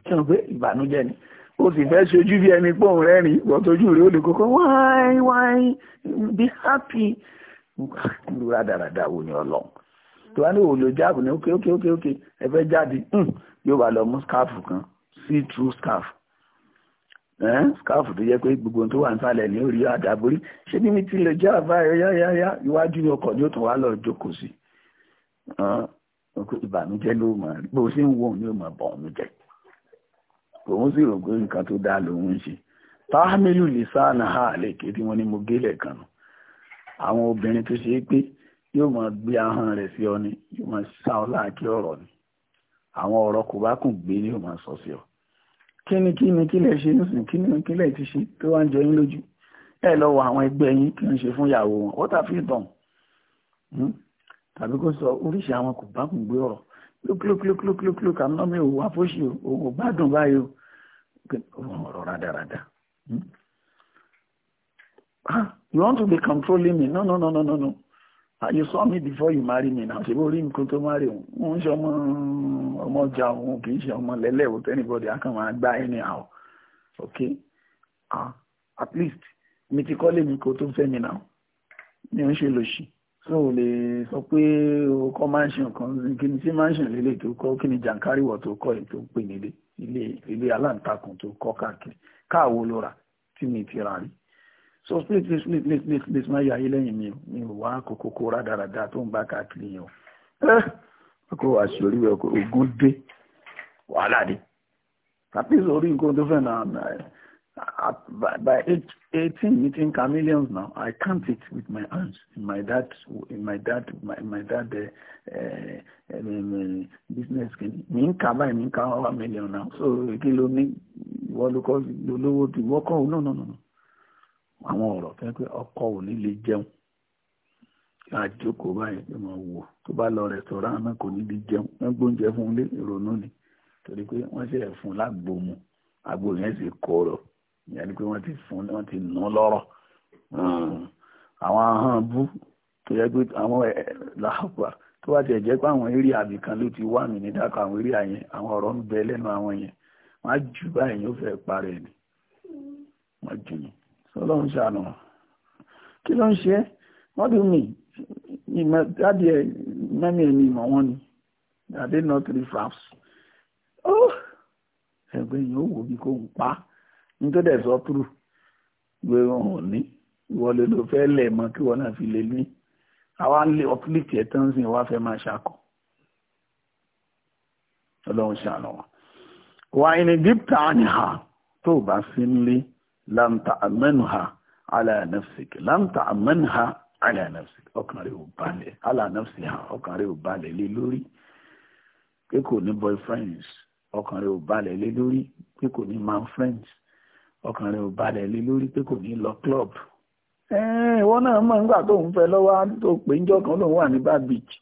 ṣe wọn pé ìbànújẹ́ ni o sì fẹ́ ṣojú bí ẹni pọ̀ ń rẹ́rìn ìgbọ́ rẹ̀ ó lè kókó wáyé wáyé be happy lura dáradá wo ni ọlọ́run tó hmm, wá ní òòlò jáàbù ní ókè ókè ókè ókè ẹ jáde yóò bá lọ mú skáàfù kan see through scarf scarf tó yẹ pé gbogbo tó wà nísàlẹ̀ ní orí àdàborí ṣé níbi tí lè jẹ́ àbá yáyáyá iwájú ọkọ̀ ni ó tún wá lọ jókòó sí ìbànújẹ́ ló mọ̀ bó ṣe ń wò ní ó mọ̀ bọ̀ọ̀nù jẹ́ òun sì rò pé nǹkan tó dáa lòun ń ṣe táhámílù lìsáànà ha àlèké tí wọ́n ní mo gélẹ̀ kan àwọn obìnrin tó ṣe é pé yóò máa gbé ahọ́n rẹ̀ sí ọ ni yóò máa sá ọ láàkí ọ̀rọ̀ ni àwọn ọ̀rọ̀ kò bá kùn gbé ni yóò máa sọ sí ọ kíni kíni kílẹ̀ ṣe nísìn kíni kílẹ̀ ti ṣe tó wá ń jọ yín lójú ẹ lọ wọ àwọn ẹgbẹ́ yín kí wọ́n ṣe fún ìyàwó wọn wọ́n hmm? tàbí ìtàn sọ oríṣi àwọn kò bá kùn gbé ọ̀rọ̀ look look look look look look àmọ́ mi ò wá fóṣì o òun ò gbádùn báyìí o òun ọ̀rọ̀ you want to be controlling me no no no no no no ah, you saw me before you marry me now ṣebí orí nǹkan tó marry òun òun ṣe ọmọ ọmọ ọjà òun kì í ṣe ọmọ lẹ́lẹ́ with anybody a kàn máa gbá anyhow okay ah at least mi ti kọ́lé mi kó tó fẹ́ mi náà mi ò ń ṣe lòṣì so o lè sọ pé o kọ́ mansion kan kí ni sí mansion lélẹ̀ tó kọ́ kí ni jàǹkáríwọ̀ tó kọ́ èyí tó ń pè nílé ilé ilé aláǹtakùn tó kọ́ káàkiri káàwo ló rà tí mi ti rà rí so split split split split split please má ayé lẹ́yìn mi o mi ò wá kókó kó rádaràda tó ń bá káàkiri yẹn o kó àṣírí ogún dé wàhálà dé tàbí sórí nǹkan tó fẹ́ náà at, uh, by, by age 18 meeting chameleons now i can't it with my hands in my dad in my dad my, my dad uh, uh, um, uh, business kìíní mi ń kà báyìí mi ń kà million now so kí ló ní ìwọ ló kọ́ lówó tí ìwọ kọ́ ò no no no àwọn ọ̀rọ̀ fẹ́ pé ọkọ ò ní lè jẹun àjókòó báyìí ló máa wò tó bá lọ restaurant náà kò ní lè jẹun wọ́n gbóúnjẹ fún un lé ìrònú ni torí pé wọ́n ṣe ẹ̀fún lágbo mu àgbo yẹn sì kọ̀ọ̀rọ̀ ìyẹn ni pé wọ́n ti fún wọ́n ti nù lọ́rọ̀ àwọn ahọ́n bú tó yẹ pé àwọn làápà tó bá tiẹ̀ jẹ́ pé àwọn eré àbí kan ló ti wá mí ní dákọ̀ àwọn eré àyẹn àwọn ọ̀rọ̀ ń bẹ lẹ́nu àwọn yẹn wọ́n á jù báyìí yóò fẹ́ parẹ́ ni wọ́n jù ní sọlọ́run ṣàánú kí ló ń ṣe é wọ́n ti mì ìmọ̀ dáàdì ẹ̀ mẹ́mí ẹ̀ ní ìmọ̀ wọn ni dàdé north three fraps ó oh! ẹgbẹ́ yìí ó wò bí kò ń pa á nítorí ẹ̀ sọ túrú pé wọn ò ní ìwọlé ló fẹ́ lẹ̀ mọ́ kí wọn náà fi lè ní àwa ń lé ọpílìtì ẹ̀ tán sí wa fẹ́ máa ṣàkọ ọlọ́run ṣàánú wa wà ní díptà ni ha tó bá sí nílé láǹtà àmẹ́nu ha aláàánáfsìk láǹtà àmẹ́nu ha aláàánáfsìk ọkàn rẹ̀ ò balẹ̀ aláàánáfsìk ha ọkàn rẹ̀ ò balẹ̀ lé lórí pé kò ní boyfriends ọkàn rẹ̀ ò balẹ̀ lé lórí pé kò ní man friends ọkàn rẹ̀ ò balẹ̀ lé lórí pé kò ní lọ club ìwọ náà mọ̀ nígbà tó ń fẹ́ lọ́wọ́ tó pé ńjọ́ kan lòun wà ní bar beach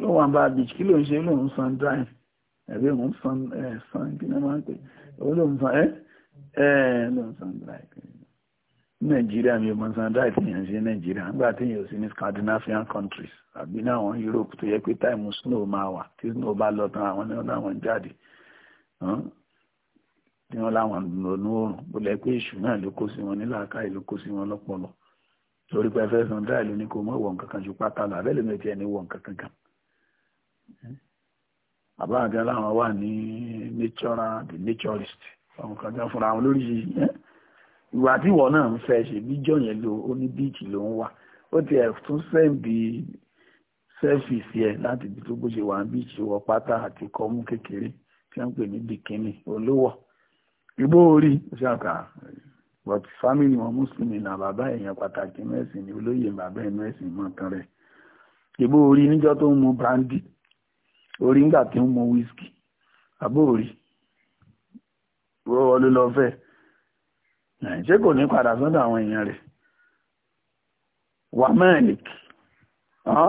lòun wà bad beach kí lòun ṣe lòun san drive ẹ̀rí òun san san kí ni wọ́n pè òun lòun san ẹ́ ẹ́ lòun san drive nàìjíríà mi ò mọ san drive yẹn ṣe nàìjíríà nígbà tí yẹn ò ní Scandinavian countries àbí náwọn Europe tó yẹ pé táìmù snow máa wà tí snow bá lọ tán àwọn náà náà wọ́n jáde hm? tí wọ́n láwọn lónú oòrùn bólẹ̀ pé èṣù náà ló kó sí wọn ní làákàyè ló kó sí wọn lọ́pọlọ torí pé ẹfẹ́ san dáì ló ní kó mọ́ ìwọ̀n kankan ju pátá lọ abẹ́lẹ̀ mi ò tiẹ̀ ní kankan kan bàbá àti aláwọn wà ní natural the naturalist àwọn kan jẹ́ fúnra wọn lórí ìwà tí ìwọ náà ń fẹ́ ṣe bíjọ́ yẹn ló ó ní bíìtì ló ń wà ó ti ẹ̀ tún sẹ́ǹdì sẹ́fìsì ẹ̀ láti ibi tó bó ṣe wà ní bíìtì wọ pátá àti kọ́mú kékeré tí wọ́n pè ní bikini olówó Igbo orí ṣàkà but family wọn muslimi na bàbá èèyàn pàtàkì ni olóyè bàbá ẹ̀ mẹ́sìn mọ̀tàn Igbo orí níjọ́ tó ń mu brandy orí ńgbà tí ń mu whisky àbó orí wọ́n ló lọ ṣé kò ní padà sọ́dọ̀ àwọn èèyàn wà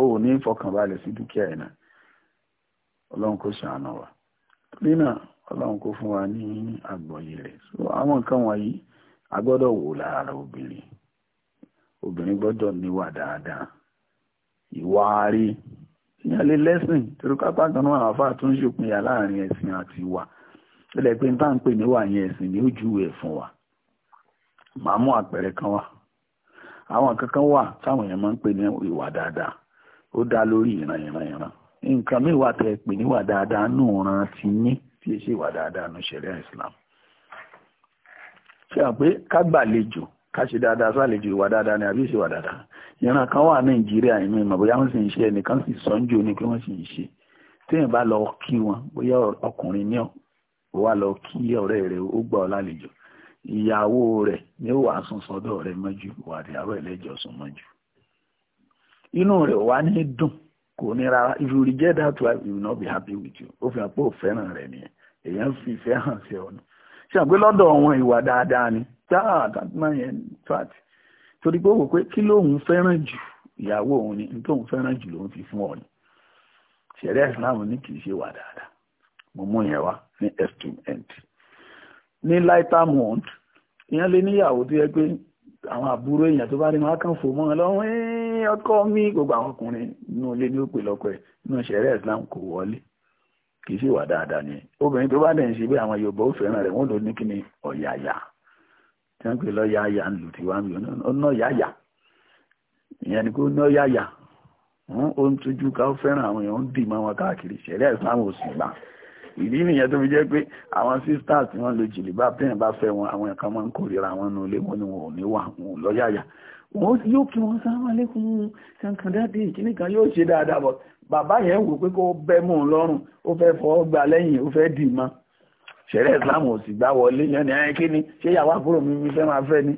ó ní fọkànbalẹ̀ sí dúkìá ẹ̀ náà ọlọ́run wa ọlọ́run kó fún wa ní àgbọ́yé rẹ̀ so àwọn nǹkan wọ̀nyí a gbọ́dọ̀ wò lára obìnrin obìnrin gbọ́dọ̀ níwà dáadáa ìwà rí ìyẹn lè lẹ́sìn torí pápá kan náà àwọn afáà tún ṣòpinya láàrin ẹ̀sìn àti ìwà tó lẹ́ pé nípa ń pè níwà yẹn ẹ̀sìn ní ojú ẹ̀ fún wa màá mú àpẹẹrẹ kan wá àwọn kankan wà táwọn èèyàn máa ń pè ní ìwà dáadáa ó dá lórí ìran ìran ìran nǹkan míì wà tẹ́ pè níwà dáadáa nù ran ti yín kì í ṣe ìwà dáadáa Islam ṣe hàn pé ká gbàlejò ká ṣe dáadáa sálejò ìwà dáadáa ni àbí ṣe dáadáa ìran kan wà Nàìjíríà ìmọ̀ ìmọ̀ bóyá wọ́n sì ń ṣe ẹnìkan sì ni pé wọ́n sì ń ṣe téèyàn bá lọ kí wọn bóyá ọkùnrin ní ọ wà lọ kí ọ̀rẹ́ rẹ̀ ó gbà ọ lálejò ìyàwó ni ó wà sùn sọ́dọ̀ rẹ mọ́jú wà sùn inú wà ní dùn kò ní rárá if you reject that you will èèyàn fi ìfẹ́ hàn sí ọ̀nà ṣàgbé lọ́dọ̀ wọn ìwà dáadáa ni táà tàbí yẹn fat torí pé ó wò pé kí lóun fẹ́ràn jù ìyàwó òun ni n tóun fẹ́ràn jù lòun fi fún ọ ni ṣẹ̀rẹ́ ìsìláàmù ní kì í ṣe wà dáadáa mo mú yẹn wá ní extreme end ní lighter mode ìyẹn lè níyàwó tó yẹ pé àwọn àbúrò èèyàn tó bá rí wọn kàn fò mọ́ ọlọ́run ọkọ mi gbogbo àwọn ọkùnrin inú ilé ní ó pè lọ́kọ inú ṣẹ̀rẹ́ ìsìláàmù kò wọlé kì í sì dáadáa ni obìnrin tó bá dẹ̀ ń ṣe bí àwọn Yorùbá ó fẹ́ràn rẹ̀ wọ́n ló ní kíni ọ̀yàyà tí wọ́n pè lọ́yàyà ń lù tiwa mi ó ná yàyà ìyẹn ni kó ná yàyà ó ń tójú ká ó fẹ́ràn àwọn èèyàn ń dì mọ́ wọn káàkiri ṣẹ̀rẹ́ ìsáwọn òsì gbà ìdí nìyẹn tó fi jẹ́ pé àwọn sisters tí wọ́n lo jìlìbá tẹ́yìn bá fẹ́ wọn àwọn ẹ̀ka máa ń kórìíra wọn nù ilé wọn ni wọn ò ní wà wọn ò lọ́yàyà wọn yóò kí wọn sáwọn alẹ́kùn kankan dáadé ìkíní kan yóò ṣe dáadáa bọ̀ bàbá yẹn wò pé kó bẹ́ mọ́ lọ́rùn ó fẹ́ fọ́ gbà lẹ́yìn ó fẹ́ dì mọ́ islam ò sì gbá wọlé yẹn ni ẹ kí ni ṣé àbúrò mi fẹ́ máa fẹ́ ni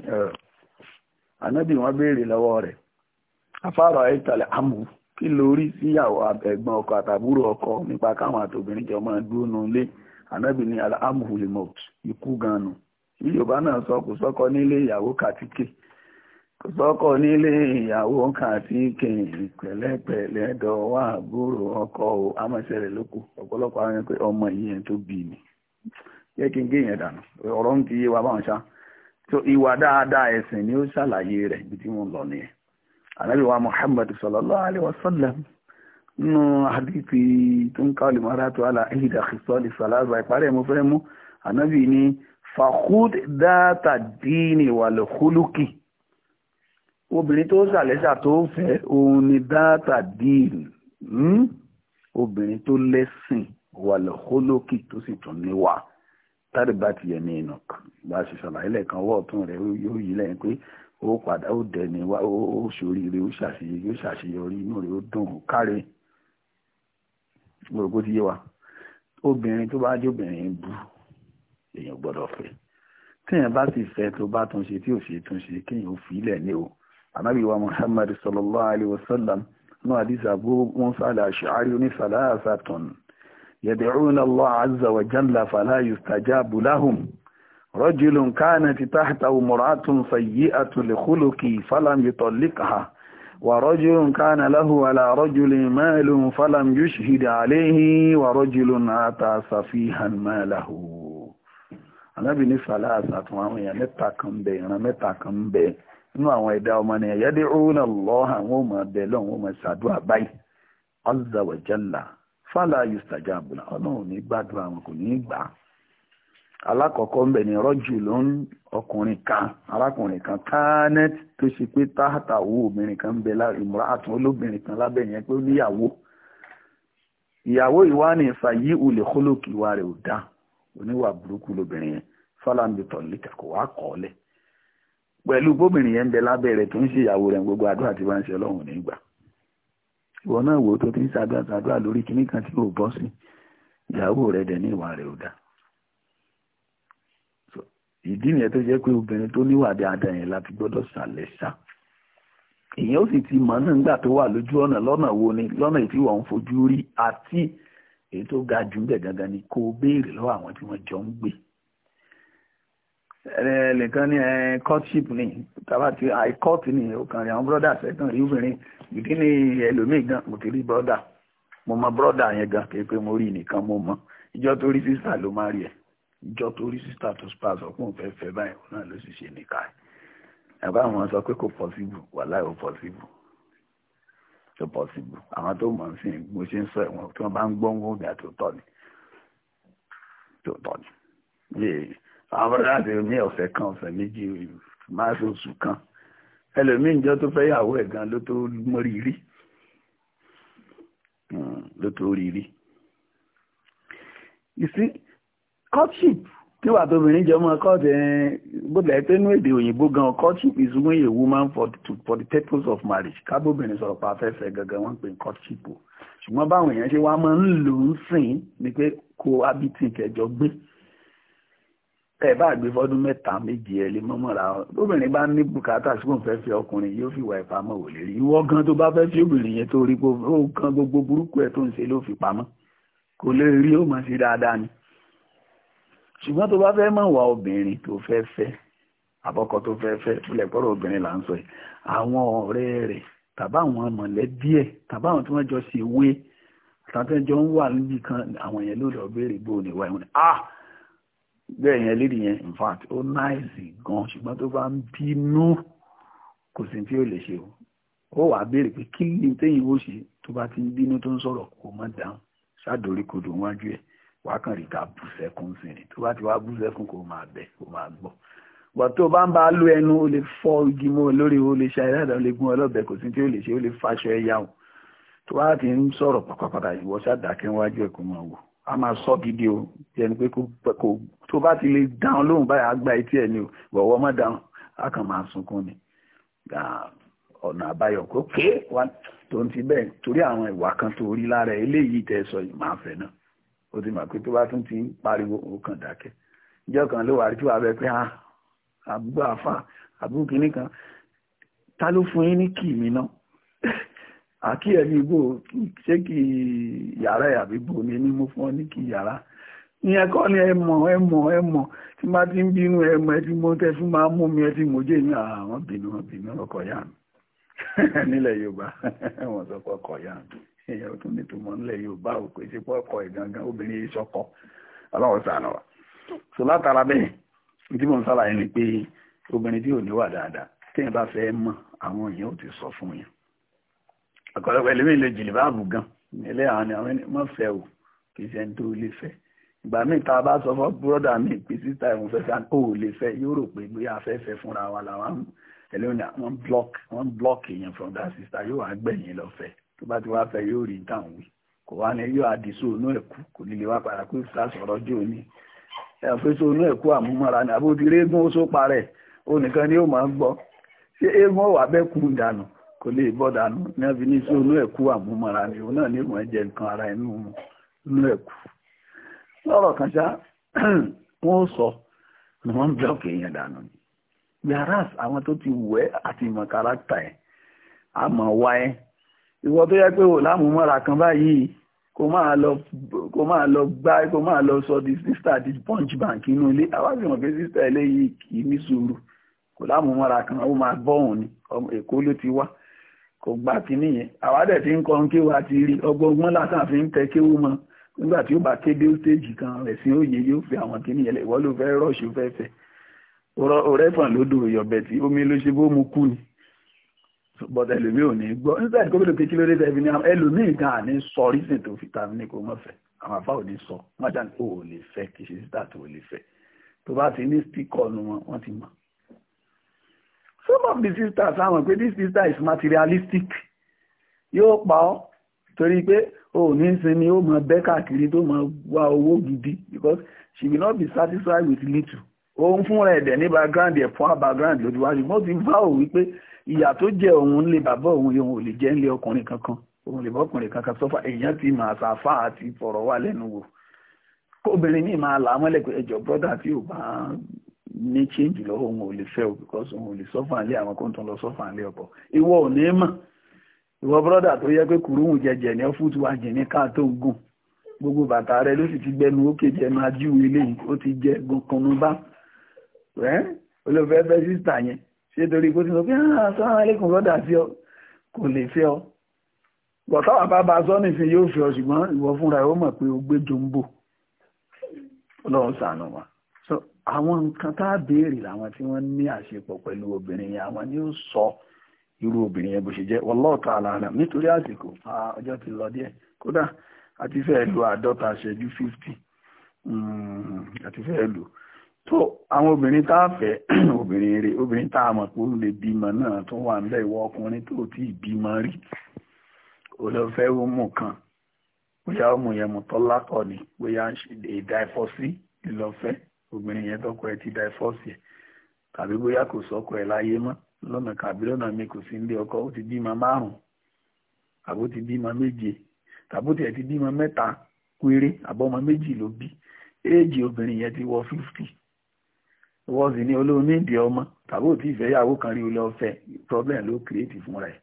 ànábì wọn béèrè lọ́wọ́ rẹ̀ afárọ̀ ìtàlẹ̀ kí lórí ẹ̀gbọ́n ọkọ àtàbúrò ọkọ nípa káwọn àtòbìnrin jọ máa dúró nílé ànábì ní amúhulimot ikú ganu yorùbá náà sọkọ nílé ìyàwó kàtíkè kò sọ́kọ nílé ìyàwó kan àti kìnyìn pẹ̀lẹ́pẹ̀lẹ́ dọ̀wọ́ àbúrò ọkọ o amọ̀ṣẹ́rẹ̀ ló kù ọ̀pọ̀lọpọ̀ àwọn pé ọmọ yìí yẹn tó bì mí jẹ́ kí n gé yẹn dànù ọ̀rọ̀ ń ti yé wa báwọn ṣá so ìwà dáadáa ẹ̀sìn ni ó ṣàlàyé rẹ̀ bí tí mo lọ nìyẹn ànábì wa Muhammad sallallahu alaihi wasallam nínú hadithi tó ń káwọ́ lèmọ́ra tó àlà ìhìdà kìsọ́ọ̀lì sàlàbà ìparí ẹ̀ mo fẹ́ obìnrin tó ṣàlẹ́ṣà tó fẹ́ òun ni dáàtà díìlì hmm? obìnrin tó lẹ́sìn wà lọ́kọ́lókì tó sì tún níwà tàbí bá ti yẹmí inú bá a ṣe ṣàlàyé lẹ́ẹ̀kan ọwọ́ ọ̀tún rẹ̀ yóò yí lẹ́yìn pé ó padà ó dẹni wá ó ṣoríire ó ṣàṣeyọrí ó ṣàṣeyọrí inú rẹ̀ ó dùn ó káre gbogbo ti yé wa obìnrin tó bá jẹ́ obìnrin bú èèyàn gbọ́dọ̀ fẹ́ téèyàn bá sì fẹ́ tó bá tún ṣe tí ò ṣe tún ṣe kéèyàn ó fi ilẹ̀ ní o anábì wa muhammad sallallahu alayhi wa sallam ní àdìsí abu musa al-ash'ari ní salasatun yad'una allah azza wa jalla fala yustajabu lahum rajulun kanat tahtahu imra'atun sayyi'atu li khuluqi falam yutalliqha ورجل كان له على رجل مال فلم يشهد عليه ورجل آتى سفيها ماله Ànábì ní sàlá àsàtún àwọn èèyàn mẹ́ta kan bẹ̀ ìran nínú àwọn ẹ̀dá ọmọnìyàn yad'una Allah àwọn ọmọ ọbẹ̀ lọ́wọ́ ọmọ ṣàdúrà báyìí azza wa jalla fala yustajabu la ọlọ́run ní gbàdúrà wọn kò ní í gbà á alákọ̀ọ́kọ́ ń bẹ̀ ní rọ́jù ló ń ọkùnrin kan arákùnrin kan kánẹ́t tó ṣe pé táàtàwó obìnrin kan ń bẹ ìmúra àtún olóbìnrin kan lábẹ́ yẹn pé ó níyàwó ìyàwó ìwá ni ìfàyí olè kólókì ìwà rẹ̀ ò dá oníwà burúkú lóbìnrin yẹn fọláńbìtọ̀ lìkà kò wá kọ́ pẹ̀lú bóbìnrin yẹn ń bẹ lábẹ́rẹ̀ tó ń ṣe ìyàwó rẹ̀ gbogbo àdúrà tí wọ́n ń ṣe ọlọ́run nígbà ìwọ náà wò tó ti ń ṣàdúrà lórí kan tí kò bọ́ sí ìyàwó rẹ̀ dẹ̀ ní ìwà rẹ̀ ò ìdí nìyẹn tó jẹ́ pé obìnrin tó yẹn gbọ́dọ̀ ti mọ̀ náà nígbà tó wà wo ni lọ́nà tí wọ́n ń fojú ga jù ń bẹ̀ gangan ni kó o béèrè jọ ń gbé ẹnìkan ní ẹ courtship ni tàbá ti high court ni ọkàn rẹ àwọn brọ́dà sẹ́kàn rí obìnrin ìdí ni ẹlòmíì gan mo ti rí brọ́dà mo mọ brọ́dà yẹn gan kì í pé mo rí nìkan mo mọ ìjọ tó rí sísà ló má rí ẹ ìjọ tó rí sísà tó spa sọ pé òun fẹ́ fẹ́ báyìí òun náà ló sì ṣe nìka ẹ ẹ̀bá àwọn sọ pé kò possible wàláì ò possible kò possible àwọn tó mọ̀ sí mo ṣe ń sọ ẹ̀wọ̀n tí wọ́n bá ń gbọ́ ń gbọ́ ògbà tó ni tó tọ̀ ni àwọn bọ́dá àti omi kan ọ̀sẹ̀ méjì máa ṣe oṣù kan ẹlòmíì ìjọ tó fẹ́ yàwó ẹ̀ ló tó mọ́rí rí hmm, ló tó rí rí. you see courtship tí wàá tóbìnrin jẹ́ ọmọ court bóbá ẹ pé inú èdè òyìnbó gan courtship is when a woman for the, for the purpose of marriage kábóbìnrin sọ̀rọ̀ pa afẹ́fẹ́ gangan wọ́n ń pè courtship o ṣùgbọ́n báwọn èèyàn ṣe wá máa ń lò ó sìn ní pé cohabiting kẹjọ gbé ẹ bá gbé fọdún mẹ́ta méje ẹ lè mọ́mọ́ra obìnrin bá ní bùkátà sí kòun fẹ́ẹ́ fi ọkùnrin yóò fi wà ẹ̀ pamọ́ ò lè rí ìwọ gan tó bá fẹ́ẹ́ fi obìnrin yẹn tó rí kó kan gbogbo burúkú ẹ̀ tó ń ṣe ló fi pamọ́ kò lè rí ó mọ̀ sí dáadáa ni ṣùgbọ́n tó bá fẹ́ẹ́ mọ̀ wá obìnrin tó fẹ́ẹ́ fẹ́ àbọ́kọ tó fẹ́ẹ́ fẹ́ ilẹ̀ pọ́rọ̀ obìnrin là ń sọ yìí àwọn ọ̀rẹ́ rẹ̀ tàbáwọn mọ̀lẹ́bí ẹ̀ tàbáwọn tí wọ́n jọ ṣèwé tàbí jọ ń wà níbi kan àwọn yẹn ló lọ béèrè gbóòní wáyé wọn ni ah bẹ́ẹ̀ yẹn lédi yẹn in fact ó náìsì gan ṣùgbọ́n tó bá ń bínú kò sí tí ó lè ṣe o ó wàá béèrè pé kí ni téyìn ó ṣe tó bá ti ń bínú tó ń sọ̀rọ̀ kò mọ̀ dáhùn ṣáàdórí kodò wájú ẹ̀ wàá kàn rí ká bú sẹ́kún sí ni tó bá ti wá bú sẹ́kún kò máa bẹ̀ kò máa gbọ́ wọ́n tó bá ń bá lo ẹnu ó lè fọ́ igi mọ́ lórí ó lè ṣe àìdáàdá ó lè gún ọlọ́bẹ kò sí tí ó lè ṣe ó lè faṣọ ẹ̀yà o tó bá ti ń sọ̀rọ̀ pàpàpàtà ìwọ tó bá ti lè dáhùn lóhùn báyìí àgbà etí ẹ̀ ni o bọ̀wọ́ má dáhùn á kàn máa sunkún ni ọ̀nà àbáyọ kó ké wá tó ń ti bẹ́ẹ̀ torí àwọn ìwà kan tó rí lára eléyìí tẹ́ sọ yìí máa fẹ́ náà ó ti mọ̀ pé tó bá tún ti ń pariwo ó dákẹ́ ìjọ kan ló wà rí tí wàá bẹ pé ah, àbúgbò àfa àbúgbò kìíní kan ta ló fún yín ní kì mí náà àkíyèmí igbó ṣé kì í yàrá ẹ̀ àbí bò ní ní mo fún ọ ní kì í yàrá ìyẹn kọ́ ni ẹ mọ̀ ẹ mọ̀ ẹ mọ̀ tí má ti ń bínú ẹ mọ̀ ẹ ti mọ tẹ́ fún máa mú mi ẹ ti mọ̀ jẹ́ ní àwọn ah, bínú wọn bínú ọkọ̀ yá mi nílẹ̀ yorùbá wọn sọ pé ọkọ̀ yá mi èèyàn tún ní tòmọ̀ nílẹ̀ yorùbá ò pé ṣe pé ọkọ̀ ìgangan obìnrin yìí sọkọ ọlọ́run sànà wa so látara bẹ́ẹ̀ tí mo ń sàlàyé ni pé obìnrin tí ò ní wà dáadáa téèyàn bá fẹ́ mọ̀ àwọn èèyàn ò ti sọ fún yẹn ọ̀pọ̀lọpọ̀ ẹlẹ́mìí lè jìlì báàbù gan ẹlẹ́yàwó ni àwọn ẹni má fẹ́ o kì í ṣe ẹni tó lè fẹ́ ìgbà míì tá a bá sọ fún búrọ́dà mi pé sísá ìwọ̀n fẹ́ fẹ́ ó lè fẹ́ yóò rò pé bóyá afẹ́fẹ́ fúnra wa làwọn ẹlẹ́wọ̀n wọ́n block wọ́n block èèyàn from that sister yóò wá gbẹ̀yìn lọ́fẹ̀ tó bá ti wá fẹ́ yóò rí táwọn wí kò wá ní yóò àdìsó ònú ẹ̀kú kò ní lè wá padà pé sísá sọ̀rọ̀ jò ní ẹ̀fẹ́sọ ònú ẹ̀kú àmúmọ́ra ni àbódi régún ó só parẹ̀ onìkan ni ó máa ń gbọ́ ṣé eégún ọ̀wà bẹ́ẹ̀ kú dànù kò lè bọ́ dànù ní àfi ní sí ẹ̀kú àmúmọ́ra ni òun náà ní ìwọ̀n jẹ nǹkan ara inú inú ẹ̀kú lọ́rọ̀ kan ṣá wọ́n sọ ni wọ́n ń blọ́ọ̀kì èèyàn dànù ni yaras àwọn tó ti wẹ̀ àti ìmọ̀ kárátà ẹ̀ àmọ̀ wá ẹ̀ ìwọ tó yẹ pé wò lámùmọ́ra kan báyìí kó máa lọ gbá kó máa lọ sọ di sísítà di punch bank inú ilé àwa sì mọ̀ pé sísítà eléyìí kì í ní sùúrù kò lámùmọ́ra kan ó máa bọ́ òun ni èkó ló ti wá kò gbá kínní yẹn àwa ti ń kọrin kéwà ti rí ọgbọ́n lásán nígbà tí ó bá kéde ó kan rẹ̀ sí òye yóò fi àwọn kìíní yẹlẹ̀ ìwọ́ ló fẹ́ rọ̀ṣù fẹ́fẹ́ òrẹ́fàn lódò yọ̀bẹ̀ tí omi ló ṣe bó mu kú ni but ẹlòmíì ò ní gbọ́ inside gómìnà pé kí ló dé ní ẹlòmíì kan àní sọ rísìn tó fi ta ní kò mọ̀ fẹ́ àwọn afá ò ní sọ wọ́n já ní ò lè fẹ́ kì í ṣe sísà tó lè fẹ́ tó bá ti ní stíkọ̀nù wọn wọ́n ti mọ̀ some of the sisters àwọn pé this sister is materialistic yóò pa ọ́ torí pé o ní sinmi ó máa bẹ́ káàkiri tó máa wá owó gidi because she will not be satisfied with little òun fúnra ẹ̀dẹ̀ ní background ẹ̀ fún background lójú wájú wọ́n ti bá òun wípé ìyà tó jẹ òun lé bàbá òun yòun ò lè jẹ́ ńlẹ̀ ọkùnrin kankan òun lè bọ́kùnrin kankan sọ́fà èèyàn ti mà sàfà àti fọ̀rọ̀ wá lẹ́nu wò kóbìnrin míì máa là á pé ẹjọ́ brọ́dà tí ò bá ní change lọ́wọ́ òun ò lè fẹ́ o because òun ò lè sọ́fà lé àwọn kó ń tún lọ sọ́fà lé ọkọ ìwọ ò ní mọ̀ ìwọ brọ́dà tó yẹ pé kùrùmù jẹjẹ ní ọ́fúùtù àjìn ní ká tó ń gùn gbogbo bàtà rẹ ló sì ti gbẹnu ókè jẹnu ajú ilé yìí ó ti jẹ gọkànnú bá ẹ olóòfẹ́ fẹ́ sísà yẹn ṣé torí kó ti sọ pé ah, assalamu alaikum brọ́dà sí ọ kò lè fẹ́ ọ bọ̀táwà bá bá sọ nífin yóò fi ọ ṣùgbọ́n ìwọ fúnra ó mọ̀ pé ó gbé jombo ọlọ́run ṣàánú wa so àwọn nǹkan tá a béèrè làwọn tí wọ́n ní àṣepọ̀ pẹ̀lú obìnrin yẹn àwọn ni ó sọ so irú obìnrin yẹn bó ṣe jẹ́ wallahu ta'ala alam nítorí àsìkò ọjọ́ ti lọ díẹ̀ kódà àti fẹ́ lu àádọ́ta ṣẹ́jú fifty àti hmm, fẹ́ lu tó àwọn obìnrin tá a fẹ́ obìnrin rè obìnrin tá a mọ̀ pé ó lè bímọ náà tó wà níbẹ̀ ìwọ ọkùnrin tó ti bímọ rí ó lọ fẹ́ ọmọ kan bóyá ọmọ yẹn mọ̀ tọ́lá kọ́ ni bóyá ìdáìfọ́sí ìlọ́fẹ́ obìnrin yẹn tọkọ ẹ ti dáìfọ́sì ẹ tàbí bóyá kò sọ́kọ ẹ láyé mọ́ lọ́nà kàbí lọ́nà mi kò sí ilé ọkọ ó ti bímọ márùn àbó ti bímọ méje tàbó tiẹ̀ ti bímọ mẹ́ta péré àbọ́mọ méjì ló bí éèjì obìnrin yẹn ti wọ fífítì wọ́n sì ní olóhùn nídìí ọmọ tàbó tí ìfẹ́yàwó kan rí olè ọ̀fẹ́ problem ló kírètì fúnra ẹ̀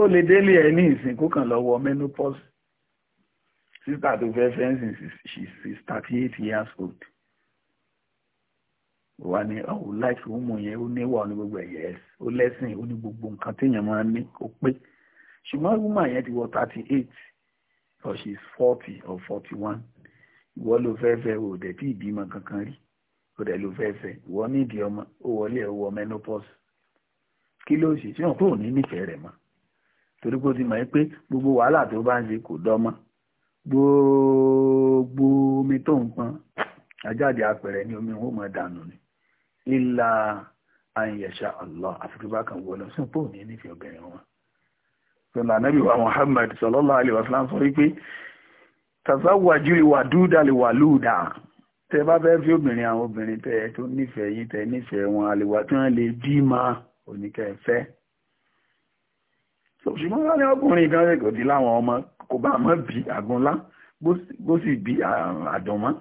ó lè délé ẹ ní ìsìnkú kan lọ́wọ́ menopause sísà tó fẹ́ fẹ́ǹsì she's thirty eight years old wà ní ọ̀hún láìsí òun yẹn ó níwà ó ní gbogbo ẹ̀yẹ ó lẹ́sìn ó ní gbogbo nǹkan téèyàn máa ní ó pé ṣùgbọ́n woman yẹn ti wọ thirty eight or she is forty or forty one ìwọ ló fẹ́ fẹ́ o dẹ̀ tí ìbímọ kankan rí o dẹ̀ ló fẹ́ fẹ́ ìwọ nídìí ọmọ ó wọlé ẹ̀ wọ menopause kí ló ṣe tí wọn kò ní nífẹ̀ẹ́ rẹ̀ mọ́ torí kó ti mọ̀ ẹ́ pé gbogbo wàhálà tó bá ń ṣe kò dọ́mọ́ gbogbo omi tó ń pọn ajáde apẹ̀rẹ̀ ní omi òun mọ̀ dànù ni ilà àyẹ̀ṣà allah àfikúbá kan wọlé sí pò ní nífẹ̀ẹ́ obìnrin wọn. sọ̀nà anábì wa muhammad sallallahu alaihi wasallam sọ wípé tazawwaju ìwàdúdà lè wà lúùdà tẹ bá fẹ́ fi obìnrin àwọn obìnrin tẹ tó nífẹ̀ẹ́ yín tẹ nífẹ̀ẹ́ wọn àlèwà tí wọ́n lè bí ma oníkẹ́fẹ́ ṣùgbọ́n wọ́n ní ọkùnrin kan rẹ̀ kò dí láwọn ọmọ kò bá mọ́ bí àgúnlá bó sì bí àdánmọ́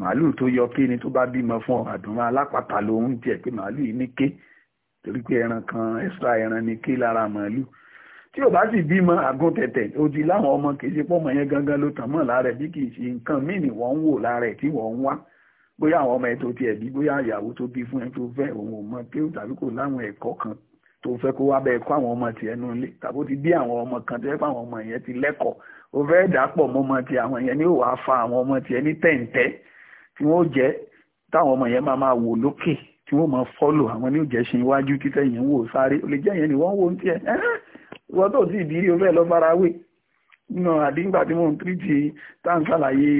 màálù tó yọ ké ni tó bá bímọ fún ọ àdùnrán alápàtà ló ń jẹ pé màálù yìí ní ké torí pé ẹran kan extra ẹran ní ké lára màálù tí ò bá sì bímọ àgùn tẹ̀tẹ̀ ó láwọn ọmọ kì pọ́mọ yẹn gangan ló tàn mọ́ lára ẹ̀ bí kì í ṣe nǹkan míì ni wọ́n ń wò lára ẹ̀ tí wọ́n ń wá bóyá àwọn ọmọ ẹ̀ tó tiẹ̀ bí bóyá ìyàwó tó bí fún ẹ tó fẹ́ òun ò mọ pé tàbí kò láwọn ẹ̀kọ́ kan tó fẹ́ kó wá bẹ́ẹ̀ kó àwọn ọmọ tiẹ̀ nù lé tàbí ó ti bí àwọn ọmọ kan tó yẹ pé àwọn ọmọ yẹn ti lẹ́kọ̀ọ́ ó fẹ́ dàpọ̀ mọ́mọ ti àwọn yẹn ni ó wàá fa àwọn ọmọ tiẹ̀ ní tẹ̀ǹtẹ́ tí wọ́n jẹ́ táwọn ọmọ yẹn máa máa wò lókè tí wọ́n máa fọ́lò àwọn ní òjẹ́ ṣe iwájú títẹ̀ yẹn ń wò sáré ó lè jẹ́ yẹn ni wọ́n ń wò ń tiẹ̀ wọ́n tó ti ìdírí ó fẹ́ lọ farawé nínú àdíngbà tí mò ń tírìtì tá à ń ṣàlàyé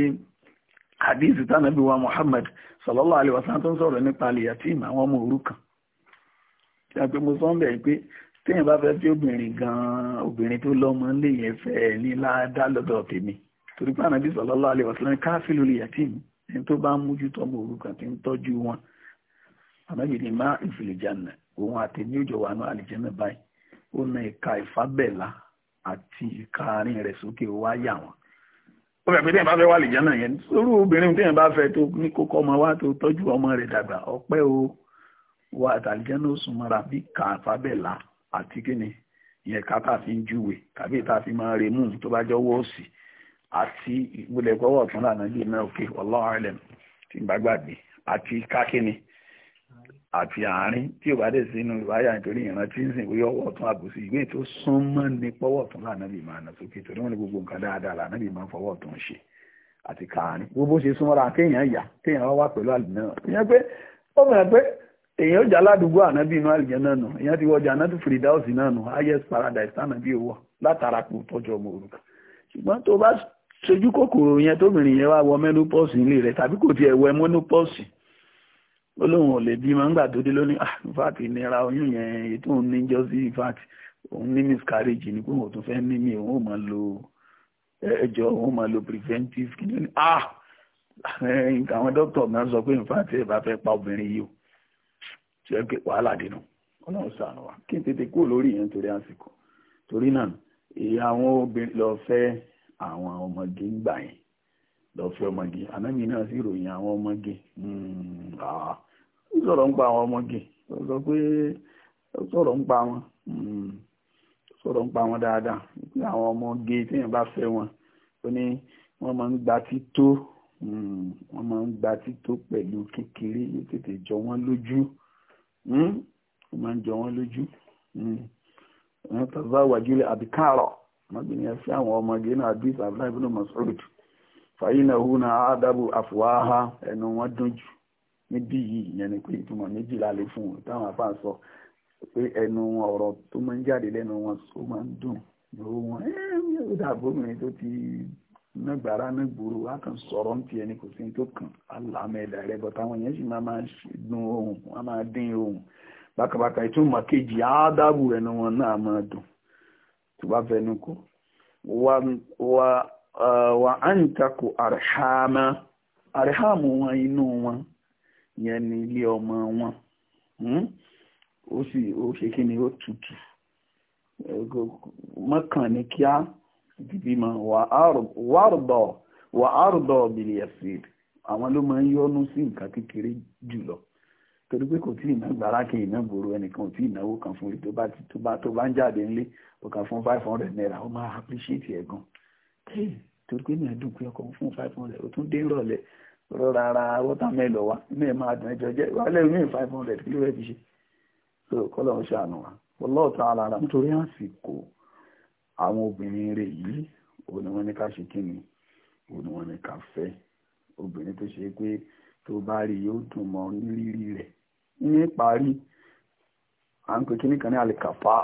àdíìsì tánàbí wa Muhammad sallallahu alaihi wasallam tó ń sọ̀rọ̀ nípa àlìyàtìm àwọn ọmọ òrukàn tí a pé mo sọ ń bẹ̀ pé téèyàn bá fẹ́ fi obìnrin gan obìnrin tó lọ́mọ ń lè yẹn fẹ́ ní ládàá lọ́dọ̀ tèmi torí pé ànábì sallallahu alaihi wasallam káfílù lìyàtìm ẹni tó bá ń mójútó ọmọ òrukàn tí ń tọ́jú wọn àmọ́jì ni má ìfìlìjànà òun àti ní òjò wà náà àlìjẹ́nà báyìí ó na ìka ìfábẹ́là àti ìka àárín rẹ̀ sókè wáyà wọn ó fẹ́ pé téèyàn bá fẹ́ wà àlìjẹ́nà yẹn sórú obìnrin téèyàn bá fẹ́ tó ní kókó ọmọ wa tó tọ́jú ọmọ rẹ̀ dàgbà ọpẹ́ o wà àtàlìjẹ́nà ó sùn mọ́ra bí ìka ìfábẹ́là àti kíni ìyẹn ká tá fi ń júwe tàbí tá fi máa remú tó bá jọ wọ́ọ̀sì àti ìpínlẹ̀ ìpọ́wọ́ ọ̀tún lànà bíi mẹ́ òkè wallahu alam tí ń bá gbàgbé àti kákínni àti àárín tí ò bá dé sínú ìwáyà nítorí ìrántí ń sìn wíyọ́ ọ̀tún àbùsí ìwé tó súnmọ́ ní pọ́wọ́ ọ̀tún lànà bíi máa nà sókè torí wọn ní gbogbo nǹkan dáadáa lànà bíi máa fọwọ́ ọ̀tún ṣe àti kàárín gbogbo ṣe súnmọ́ra kéèyàn yà kéèyàn wá pẹ̀lú àlùmọ́ ìyẹn pé ànábì inú àlùjẹ náà nù èèyàn ti wọjà ànábì fìdíhàùsì náà nù highest paradise tánàbí owó látara kù tọ́jú ọmọ òrukàn ṣùgbọ́n tó bá ṣojú kòkòrò yẹn tóbìnrin yẹn wá wọ menopause nílé rẹ̀ tàbí kò tiẹ̀ wẹ menopause ó lóun ò lè bímọ ńgbà tó dé lónìí ah in fact ìnira oyún yẹn ètò òun ní jọ sí òun ní miscarriage ni pé òun tún fẹ́ ní mi òun ò máa lo ẹjọ́ òun máa lo preventive kí ló ní ah eh, nǹkan àwọn dókítà náà sọ pé in fact ẹ bá fẹ́ pa obìnrin yìí o ṣe pé wàhálà dínú ọlọ́run ṣàánú wa kí n tètè kúrò lórí yẹn torí àsìkò torí náà èyí àwọn obìnrin lọ fẹ́ àwọn ọmọge ń gbà yẹn lọ fẹ́ ọmọge ànábì náà sì ròyìn àwọn ọmọge hmm, ó sọ̀rọ̀ ń pa àwọn ọmọge ó sọ pé sọ̀rọ̀ ń pa wọn hmm, sọ̀rọ̀ ń pa wọn dáadáa pé àwọn ọmọge téèyàn bá fẹ́ wọn ó ní wọ́n máa ń gba tító hmm, wọ́n máa ń gba tító pẹ̀lú kékeré yóò tètè jọ wọ́n lójú wọ́n máa ń jọ wọ́n lójú wọ́n tàbí wájú lé àbíkárọ̀ ọmọbìnrin ẹ fẹ́ àwọn ọmọge náà hadith abdullahi ibn mas'ud fàyínà húnà àádábù àfùwáhá ẹnu wọn dùn jù níbí yìí ìyẹn ni pé ìtumọ̀ méjìlá lè fún un táwọn afá sọ pé ẹnu ọ̀rọ̀ tó máa ń jáde lẹ́nu wọn tó máa ń dùn lọ́wọ́ wọn ẹ́ẹ́ ó dàbò obìnrin tó ti nágbàrá náà gbòòrò wá sọ̀rọ̀ ń tiẹ̀ ni kò sí tó kàn aláàmì ẹ̀dà rẹ̀ bọ̀ táwọn yẹn sì máa máa dùn ohùn wọn máa dín ohùn bákàbákà ìtumọ̀ kejì àádábù ẹnu wọn náà máa dùn tó bá wa kò wà á ń takò wọn inú wọn yẹn ni ilé ọmọ wọn hmm? ó sì ó ṣe kí ni ó tutù mọ́kàn ní kíá bíbímọ wà árùbọ̀ bìlì ẹ̀sìn àwọn ló máa ń torí pé kò tí ì ná gbàrákè iná gbòòrò ẹnìkan ò tí ì náwó kan fún rí tó bá ń jáde ńlé ó fún five hundred naira ó máa appreciate ẹ̀ gan torí pé ní ẹ̀dùn pé ọkọ̀ fún five hundred ó tún dé rọ̀lẹ́ rọra ra wọ́tàmẹ́lọ̀ wa inú ẹ̀ máa dùn ẹjọ́ jẹ́ wálé inú ẹ̀ five hundred kí ló rẹ̀ fi ṣe so kọ́lọ̀ ń ṣàánú wa ọlọ́ọ̀ta ara rà nítorí àsìkò àwọn obìnrin rẹ̀ yìí òun ni wọ́n ní ká ṣe kí ni òun ni wọ́n ní ká fẹ́ obìnrin tó ṣe pé tó bá rí yóò dùn mọ́ nírírí rẹ̀ ní ìparí à ń pè kí nìkan ní àlìkàfà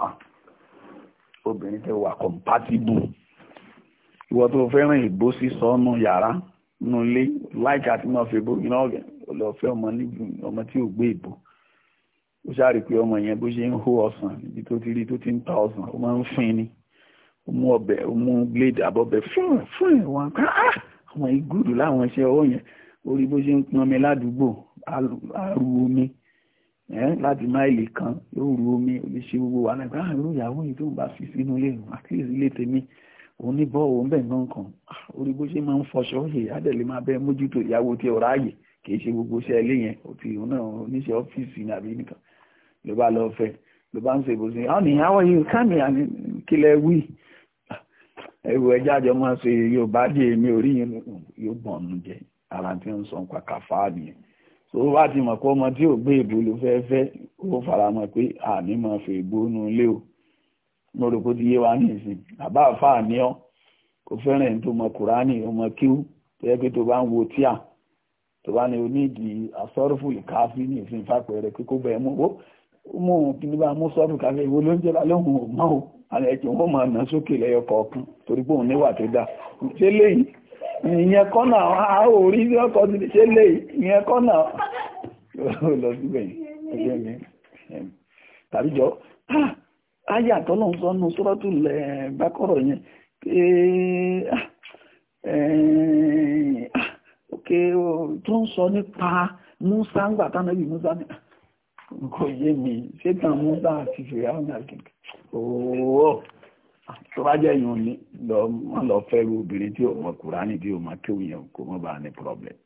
obìnrin tẹ wà compatible ìwọ tó fẹ́ràn ìbò sísọ nù yàrá nù ilé láìka àti máa fi ìbò iná ọ̀gẹ̀ ọlọ́fẹ́ ọmọ tí ò gbé ìbò ó ṣáàrí pé ọmọ yẹn bó ṣe ń hó ọsàn níbi tó ti rí tó ti ń ta ọsàn ó máa ń fin ni ó mú ọbẹ̀ ó mú blade àbọ̀bẹ fún fún ìwọ̀n ká ah! àwọn ìgúdù láwọn iṣẹ́ ọwọ́ yẹn ó rí bó ṣe ń pọnmi ládùúgbò arú omi láti máìlì kan yóò ru omi oníṣe gbogbo wa náà gbáhàn irú ìyàwó yìí tó ń bá fi sínú ilé ìrùn àti ilé tèmi òun ní bọ́ọ̀ òun bẹ̀ nǹkan kan orí ah, bó ṣe máa ń fọṣọ yìí adẹ̀lẹ̀ máa bẹ́ẹ̀ mójútó ìyàwó tí ọ̀rá ààyè kì í ṣe gbogbo iṣẹ́ ilé yẹn òtí òun náà oníṣẹ́ ọ́fíìsì nàbí nìkan ló bá lọ fẹ́ ló bá ń ṣe ìbòsí àwọn èèyàn yìí kámi kílẹ̀ wí ah, ẹ̀rù ẹja àjọ máa ṣe Yorùbá dé èmi orí yẹn yóò bọ̀ jẹ ara tí ń sọ nǹkan kàfáà nìyẹn so wá ti mọ̀ pé ọmọ tí ò gbé èbó ló fẹ́ fẹ́ ó fara mọ́ pé àní mọ̀ fẹ́ èbó nu ilé o mo rò kó ti yé wa ní ìsìn bàbá àfáà ní ọ kò fẹ́ràn ẹni tó mọ kùránì ọmọ kíw tó yẹ pé tó bá ń wo tíà tó bá ní onídìí asọ́rùfù ìkáfí ní ìsìn fàpẹ̀rẹ̀ pé kó bẹ̀ẹ́ mú ó mú òun kí ni bá mú sọ́rùfù káfí ìwo ló ń jẹ́ lálóhùn ò mọ́ o àlẹ́ tí wọ́n máa ná sókè lẹ́yọ kọ̀ọ̀kan torí pé òun níwà tó dáa ṣé léyìí ìyẹn kọ́ náà a ò rí bí ọkọ̀ ti ṣe lè ìyẹn kọ́ náà lọ síbẹ̀ ẹgbẹ́ mi tàbí jọ ayé ah, àtọ́lọ́ ń sọ́rọ́tù lẹ̀ yẹn ah, ah, tó ń sọ nípa Musa ń Musa ní kò yé mi ṣé tàn Musa àti fèrè tó bá jẹ́ yun ni wọ́n lọ fẹ́rù obìnrin tí ò mọ kùránì tí ò mọ kéwù yẹn kò mọ bá ní problem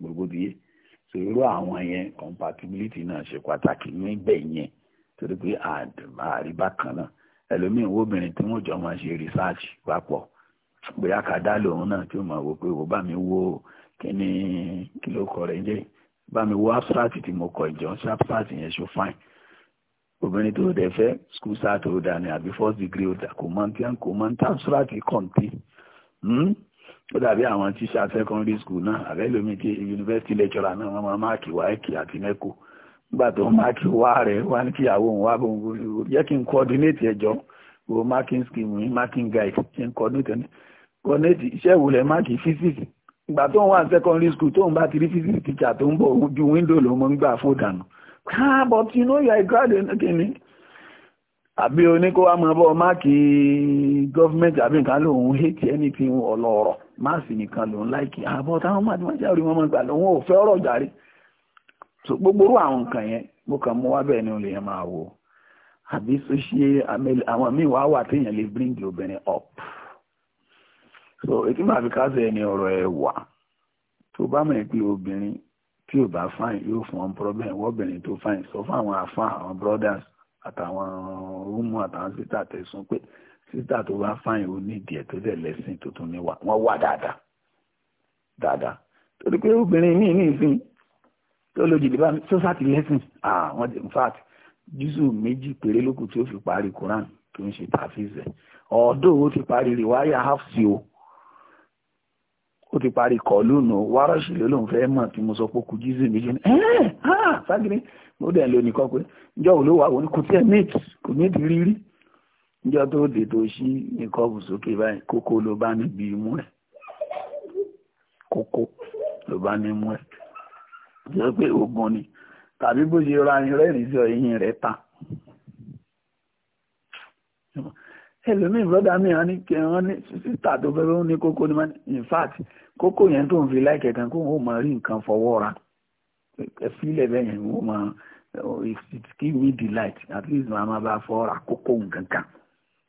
gbogbo ti yé so irú àwọn yẹn compatibility náà ṣe pàtàkì níbẹ̀ yẹn torí pé àríbá kan náà ẹlòmíì wo obìnrin tí wọ́n jọ máa ṣe research papọ̀ bóyá ká dá lòun náà tí ó máa wò pé wò bá mi wo kíni kí ló kọ rẹ jẹ bá mi wo abstract tí mo kọ ìjọ abstract yẹn ṣó fine obìnrin tó dẹ̀ fẹ́ school start ó dà ní àbí first degree ó dà kò mọ tí kò mọ tá sọ́ra ti kọ̀ǹté ó dàbí àwọn tíṣà secondary school náà àbẹ́lómi tí university lecturer náà wọ́n máa máàkì wá ẹ̀kì àti mẹ́kọ̀ọ́ nígbà tó máàkì wá rẹ̀ wá ní kíyàwó òun wá bóun yẹ kí n coordinate ẹjọ́ wo marking scheme ní marking guide ṣe ń coordinate coordinate iṣẹ́ ìwòlẹ̀ máàkì physics ìgbà tó ń wà secondary school physics teacher tó ń window ló mọ́ ń ah but you know you are a graduate kìíní àbí oníkó wa máa bọ́ máàkì gọ́fìmẹ̀ntì àbí nǹkan lòun hate anything ọlọ́ọ̀rọ̀ máàsì nìkan lòun láìkì àbọ̀ táwọn máàkì máa jáwé wọn máa gbà lòun ò fẹ́ ọ̀rọ̀ jàre so gbogbo orú àwọn nǹkan yẹn mo kàn mú wá bẹ́ẹ̀ ni olè yẹn máa wò àbí sọ́ṣẹ́ àwọn míì wá wà téèyàn lè bring the obìnrin up so ètí màá fi ká sẹ́yìn ní ọ̀rọ̀ ẹ̀wà tó bá mọ̀ ẹ́ pé obìnrin tí ò bá fáìn yóò fún wọn problem wọ́bìnrin tó fáìn sọ fún àwọn afá àwọn brothers àtàwọn rúmù àtàwọn sísà tẹ̀sùn pé sísà tó bá fáìn ó ní ìdíẹ̀ tó dẹ̀ lẹ́sìn tó tún níwà wọ́n wà dáadáa dáadáa torí pé obìnrin míì ní ìsìn tó lójì dìbà sọ́sàtì lẹ́sìn àwọn in fact jùsù méjì péré lókù tí ó fi parí Quran tó ń ṣe tàfíìsẹ̀ ọ̀ọ́dọ̀ ó ti parí rìwáyà hafsi o ó ti parí kọlùnù wárọ̀ṣì ló lóun fẹ́ mọ̀ tí mo sọ pé kù jísù méjì ní ẹ́ẹ̀ ságiri ah! mo dẹ̀ lò nìkan pé ǹjọ́ òun ló wà òun kò tiẹ̀ méjì kò méjì rírí ǹjọ́ tó dé tó ṣí nìkan bù sókè báyìí kókó ló bá níbi imú ẹ̀ kókó ló bá ní imú ẹ̀ jẹ́ pé ogun ni tàbí bó ṣe ra irẹ́ ìrìnsẹ̀ ẹ̀yìn rẹ̀ tán ẹlòmíì brọ́dà mi hàn ní kẹrán ní sísítà tó fẹ́ fún ní kókó ní mọ́ni in fact kókó yẹn tó ń fi láìkẹ̀ kan kó wọn ò máa rí nǹkan fọwọ́ ra ẹ bẹ́ẹ̀ yẹn wọn ò máa it give me delight at least màá máa bá fọ́ ra kókó nǹkan kan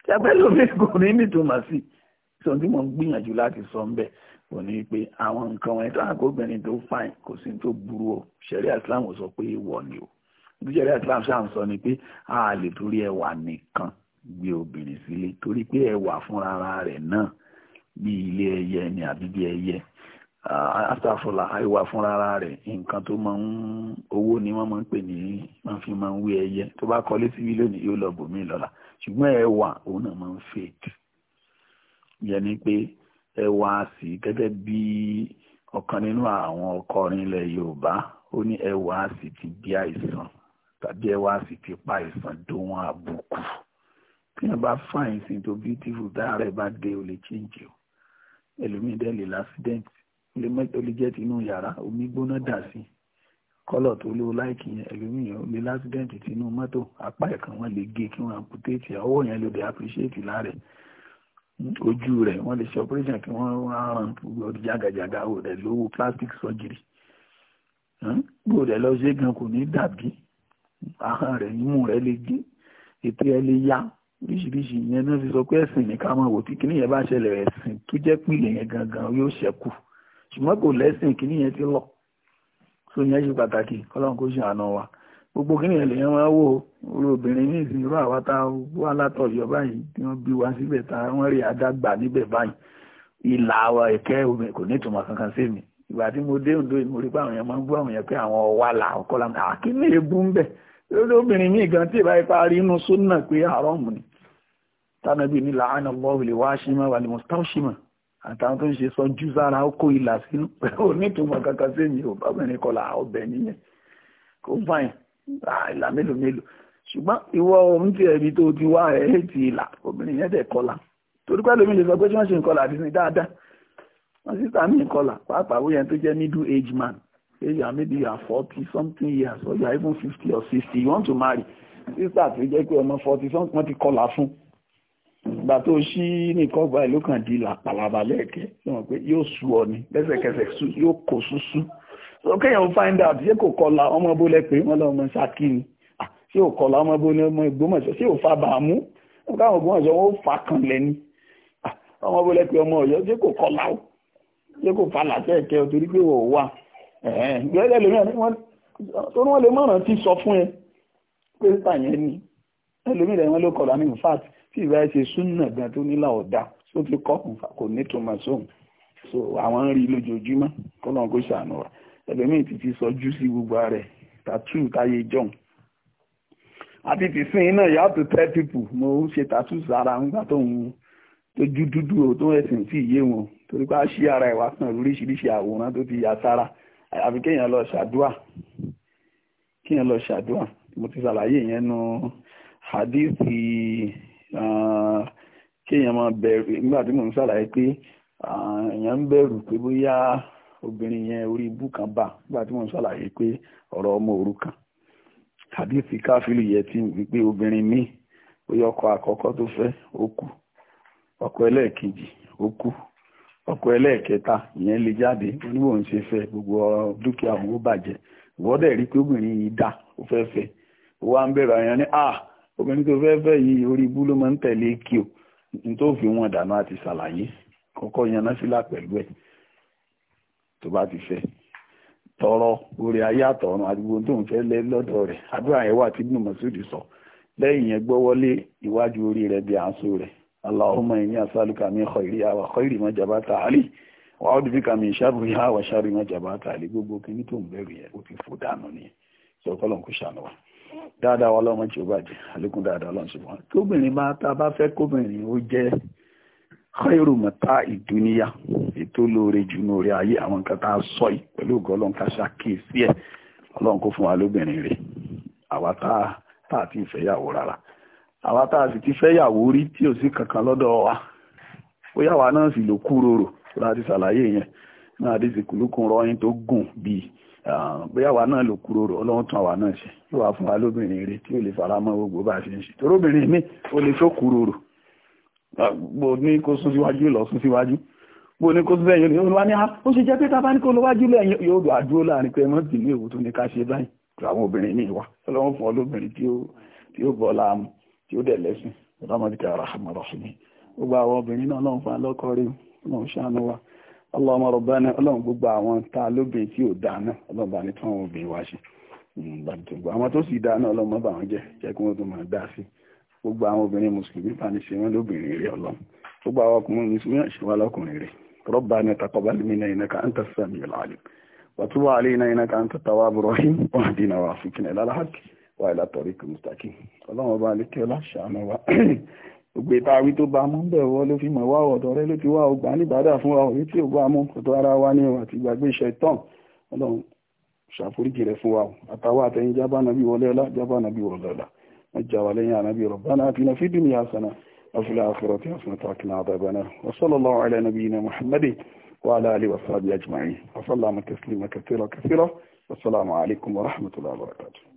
ṣẹ́pẹ́ lómi kò ní nítumọ̀ sí i sọ tí mo ń gbìyànjú láti sọ ń bẹ̀ kò ní pé àwọn nǹkan wọn tó àkóbìnrin tó fine kò sí tó burú o ṣẹ̀ríà Islam sọ pé ìwọ ni o ṣẹ̀ríà Islam ṣáà ń sọ ni pé a lè torí ẹwà nìkan gbé obìnrin sílé torí pé ẹwà fúnra rẹ̀ náà bí ilé ẹyẹ ni àbí bí ẹyẹ asàfọlà àìwà fúnra rẹ̀ nǹkan tó máa ń owó ni wọ́n máa ń pè ní wọ́n fi máa ń wé ẹyẹ tó bá kọ́lé síbí lónìí yóò lọ bòmí lọ́la ṣùgbọ́n ẹwà òun náà máa ń fèèdì yẹn ni pé ẹwà sí gẹ́gẹ́ bí ọ̀kan nínú àwọn ọkọrin ilẹ̀ Yorùbá ó ní ẹwà sì ti bí àìsàn tàbí ẹwà sì ti pa àìsàn dóhun àbùkù kí wọn bá fine sí tó beautiful táàrẹ bá dé o lè change o ẹlòmíì dẹ́ lè l'accident o lè jẹ́ tinú yàrá omi gbóná dà sí kọ́lọ̀ tó léwu láìkì yẹn ẹlòmíì yẹn o lè l'accident tinú mọ́tò apá ẹ̀kan wọn lè gé kí wọ́n amputate ọwọ́ yẹn ló dé appreciate láàrẹ̀ ojú rẹ̀ wọ́n lè ṣe operation kí wọ́n rán ọdún jàgàjàgà o rẹ̀ lówó plastic surgery gbòò rẹ̀ lọ ṣe gan kò ní dàbí ahọ́n rẹ̀ imú rẹ̀ lè gé ètò ẹ̀ lè yá oríṣiríṣi ìyẹn náà fi sọ pé ẹ̀sìn ní ká máa wò tí kíní yẹn bá ṣẹlẹ̀ ẹ̀sìn tó jẹ́ pìlẹ̀ yẹn gangan yóò ṣẹ́kù ṣùgbọ́n kò lẹ́sìn kíní ti lọ so yẹn ṣe pàtàkì kọ́lọ́n kó ṣe àná wa gbogbo kíní yẹn lèyàn máa wò orí obìnrin ní ìsìn irú àwa tá wà látọ̀yọ́ báyìí tí wọ́n bí wa síbẹ̀ tá wọ́n rí adágbà níbẹ̀ báyìí ìlà àwọ̀ ẹ̀kẹ́ obìnrin kò ní ìtumọ̀ kankan sí mi ìgbà tí tánàbí ní làánà lọ́wọ́ lè wá ṣímọ́ wà ní mustaushima àtàwọn tó ń ṣe sọ jù sára ó kó ìlà sínú ò ní ìtumọ̀ kankan sí mi ò bábìnrin kọlà ọbẹ̀ nìyẹn kò fàyàn ìlà mélòó mélòó ṣùgbọ́n ìwọ ohun tí ẹ̀rí tó ti wá ẹ̀ ti ìlà obìnrin yẹn tẹ̀ kọlà torí pẹ́ lómi lè sọ pé tí wọ́n ṣe ń kọlà àti sin dáadáa wọ́n sì sàmì ń kọlà pàápàá wíyẹn tó jẹ́ middle age man age and maybe you are forty something years or you are even fifty or sixty you want to marry Sister, tó jẹ́ pé ọmọ forty something wọ́n ti kọlà fún ìgbà tó ṣí nìkan gba ìlú kan di làpàlàbà lẹ́ẹ̀kẹ́ lọ́wọ́ pé yóò sú ọ ni lẹ́sẹ̀kẹsẹ̀ yóò kó súsú so kéèyàn find out ṣé kò kọlà ọmọ bó lẹ pé wọn ṣákì ni ṣé ò kọlà ọmọ bó ní ọmọ Ògbómọ̀ṣọ́ ṣé ò fa bàámú káwọn Ògbómọ̀ṣọ́ wọn ó fa kan lẹ́ni ọmọ bó lẹ pé ọmọ Ọ̀yọ́ ṣé kò kọlà o ṣé kò fa làtẹ̀kẹ́ o torí pé wọ́n wà gbẹ́lẹ́ lómìnira torí wọ́n lè mọ̀ràn tí sọ fún ẹ pé ń tà yẹn ni ẹlòmíràn wọn ló kọlà ní in fact tí ìbá ṣe súnà gan tó nílà ọ̀dà tó ti kọ́ kò ní tuma sóhun so àwọn ń rí lójoojúmọ́ kó lóun kó ṣàánú wa ẹlòmíì ti ti sọjú sí gbogbo rẹ̀ tàtú táyé jọ̀hún àti tìsín iná you have to tell people mo ṣe tàtú sára nígbà tó ń tójú dúdú o tó ẹ̀sìn sí ìyé wọn torí pé a ṣí ara ìwà kan oríṣiríṣi àwòrán tó ti yà sára àfi kéèyàn lọ ṣàdúà kéèyàn lọ ṣàdúà mo ti ṣàlàyé ìyẹn nu hadith Ah, kéèyàn máa bẹ̀rù nígbà tí mò ń ṣàlàyé pé èèyàn ń bẹ̀rù pé bóyá obìnrin yẹn orí ibú kan bà nígbà tí mò ń ṣàlàyé pé ọ̀rọ̀ ọmọ òrukàn hadithi káfílù yẹ ti wípé obìnrin mi bóyá ọkọ̀ àkọ́kọ́ tó fẹ́ ó kú ọkọ ẹlẹ́ẹ̀kejì ó kú ọkọ ẹlẹ́ẹ̀kẹta ìyẹn lè jáde oníwò ń ṣe fẹ́ gbogbo dúkìá òun ó bàjẹ́ ìwọ́dẹ̀ rí pé obìnrin yìí dá ó fẹ́ fẹ́ ó wá bẹ̀rù àyàn ní ah obìnrin tó fẹ́ fẹ́ yìí orí ibú ló máa ń tẹ̀lé kí o ní tó fi wọn dànù àti ṣàlàyé kọ́kọ́ yanná sílà pẹ̀lú ẹ̀ tó bá ti fẹ́ tọrọ orí ayé àtọ̀run àdúgbò tó ń fẹ́ lé lọ́dọ̀ rẹ̀ àdúrà yẹn wà tí Ibn Mas'ud sọ lẹ́yìn yẹn gbọ́wọ́lé iwájú orí rẹ̀ bí àǹsó rẹ̀ Allahumma inni as'aluka min khayriha wa khayri ma jabata ali wa a'udhu bika min sharriha wa sharri ma jabata ali gbogbo kí ní tó bẹ̀rù yẹn ó ti fò dànù nìyẹn sọ kọ́lọ̀ ń kó dáadáa wa lọ́mọ tí ó bàjẹ́ àlékún dáadáa lọ́n ṣùgbọ́n tóbìnrin bá tá bá fẹ́ kóbìnrin ó jẹ́ khairu mata ìdúníyà ètò lóore jù ní orí ayé àwọn nǹkan tá a sọ yìí pẹ̀lú ògo ọlọ́run ká ṣàkíyèsí ẹ̀ ọlọ́run kó fún wa lóbìnrin rẹ̀ àwa tá a ti fẹ́yàwó rárá àwa tá a sì ti fẹ́yàwó rí tí ò sí kankan lọ́dọ̀ wa bóyá wa náà sì lò kú láti ṣàlàyé yẹn náà àdéhùn kùlùkùn rọyìn tó gùn bíi Ah, bóyá àwa náà ló kúrò rọ ọlọ́run tún àwa náà ṣe yóò wá fún wa lóbìnrin rẹ tí ò lè fara mọ́ gbogbo bá a ṣe ń ṣe torí obìnrin mi ò lè tó kúrò rò ah, bó ní kó sún síwájú lọ sún síwájú bó ní kó sún sẹ́yìn ló wá ní ah, ó ṣe jẹ́ pé tábà ní kó lọ wájú lẹ́yìn yóò dùn àdúró láàrin pé mọ́tì ní èwo tó ní ká ṣe báyìí tó àwọn obìnrin ní ìwà ọlọ́run fún ọlọ́bìnrin tí ó bọ́ láàmú tí ó dẹ̀ lẹ́sìn ọlọ́mọdé kẹ́ ara àmọ̀ràn fún mi gbogbo àwọn obìnrin náà lọ́n fa lọ́kọ rí wọn ṣàánú wa ọlọ́mọ rọ̀bá náà ọlọ́run gbogbo àwọn ta lóbìn tí ò dáa náà ọlọ́run bá ní tí wọ́n obìnrin wá ṣe bàbí tó gbọ́ àwọn tó sì dáa náà ọlọ́run bá wọn jẹ́ jẹ́ kí wọ́n tó máa dá sí gbogbo àwọn obìnrin mùsùlùmí bá ní ṣe wọ́n lóbìnrin rẹ̀ ọlọ́run gbogbo àwọn ọkùnrin mùsùlùmí náà ṣe wá lọ́kùnrin rẹ̀ ربنا تقبل منا إنك أنت السميع العليم وتب علينا إنك أنت التواب الرحيم واهدنا وعافنا إلى الحق وإلى طريق المستقيم اللهم بارك لنا شأننا ògbè tá a wí tó bá mú ń bẹ̀ wọ́ ló fi mọ̀ wá ọ̀dọ̀ rẹ ló ti wá ọgbà nígbàdà fún wa òye tí ò bá mú ọ̀dọ̀ ara wa ní àti ìgbàgbé iṣẹ́ tán ọlọ́run ṣàforíjì rẹ fún wa àtàwọn àtẹ̀yìn jábá nàbí wọlé ọlá jábá nàbí wọlé ọlá wọn jà wà lẹ́yìn ànábì rabbana atina fid dunya hasana وفي الآخرة حسنة وقنا عذاب النار وصلى الله على نبينا محمد وعلى آله وصحبه أجمعين وسلم تسليما كثيرا كثيرا والسلام عليكم ورحمة الله وبركاته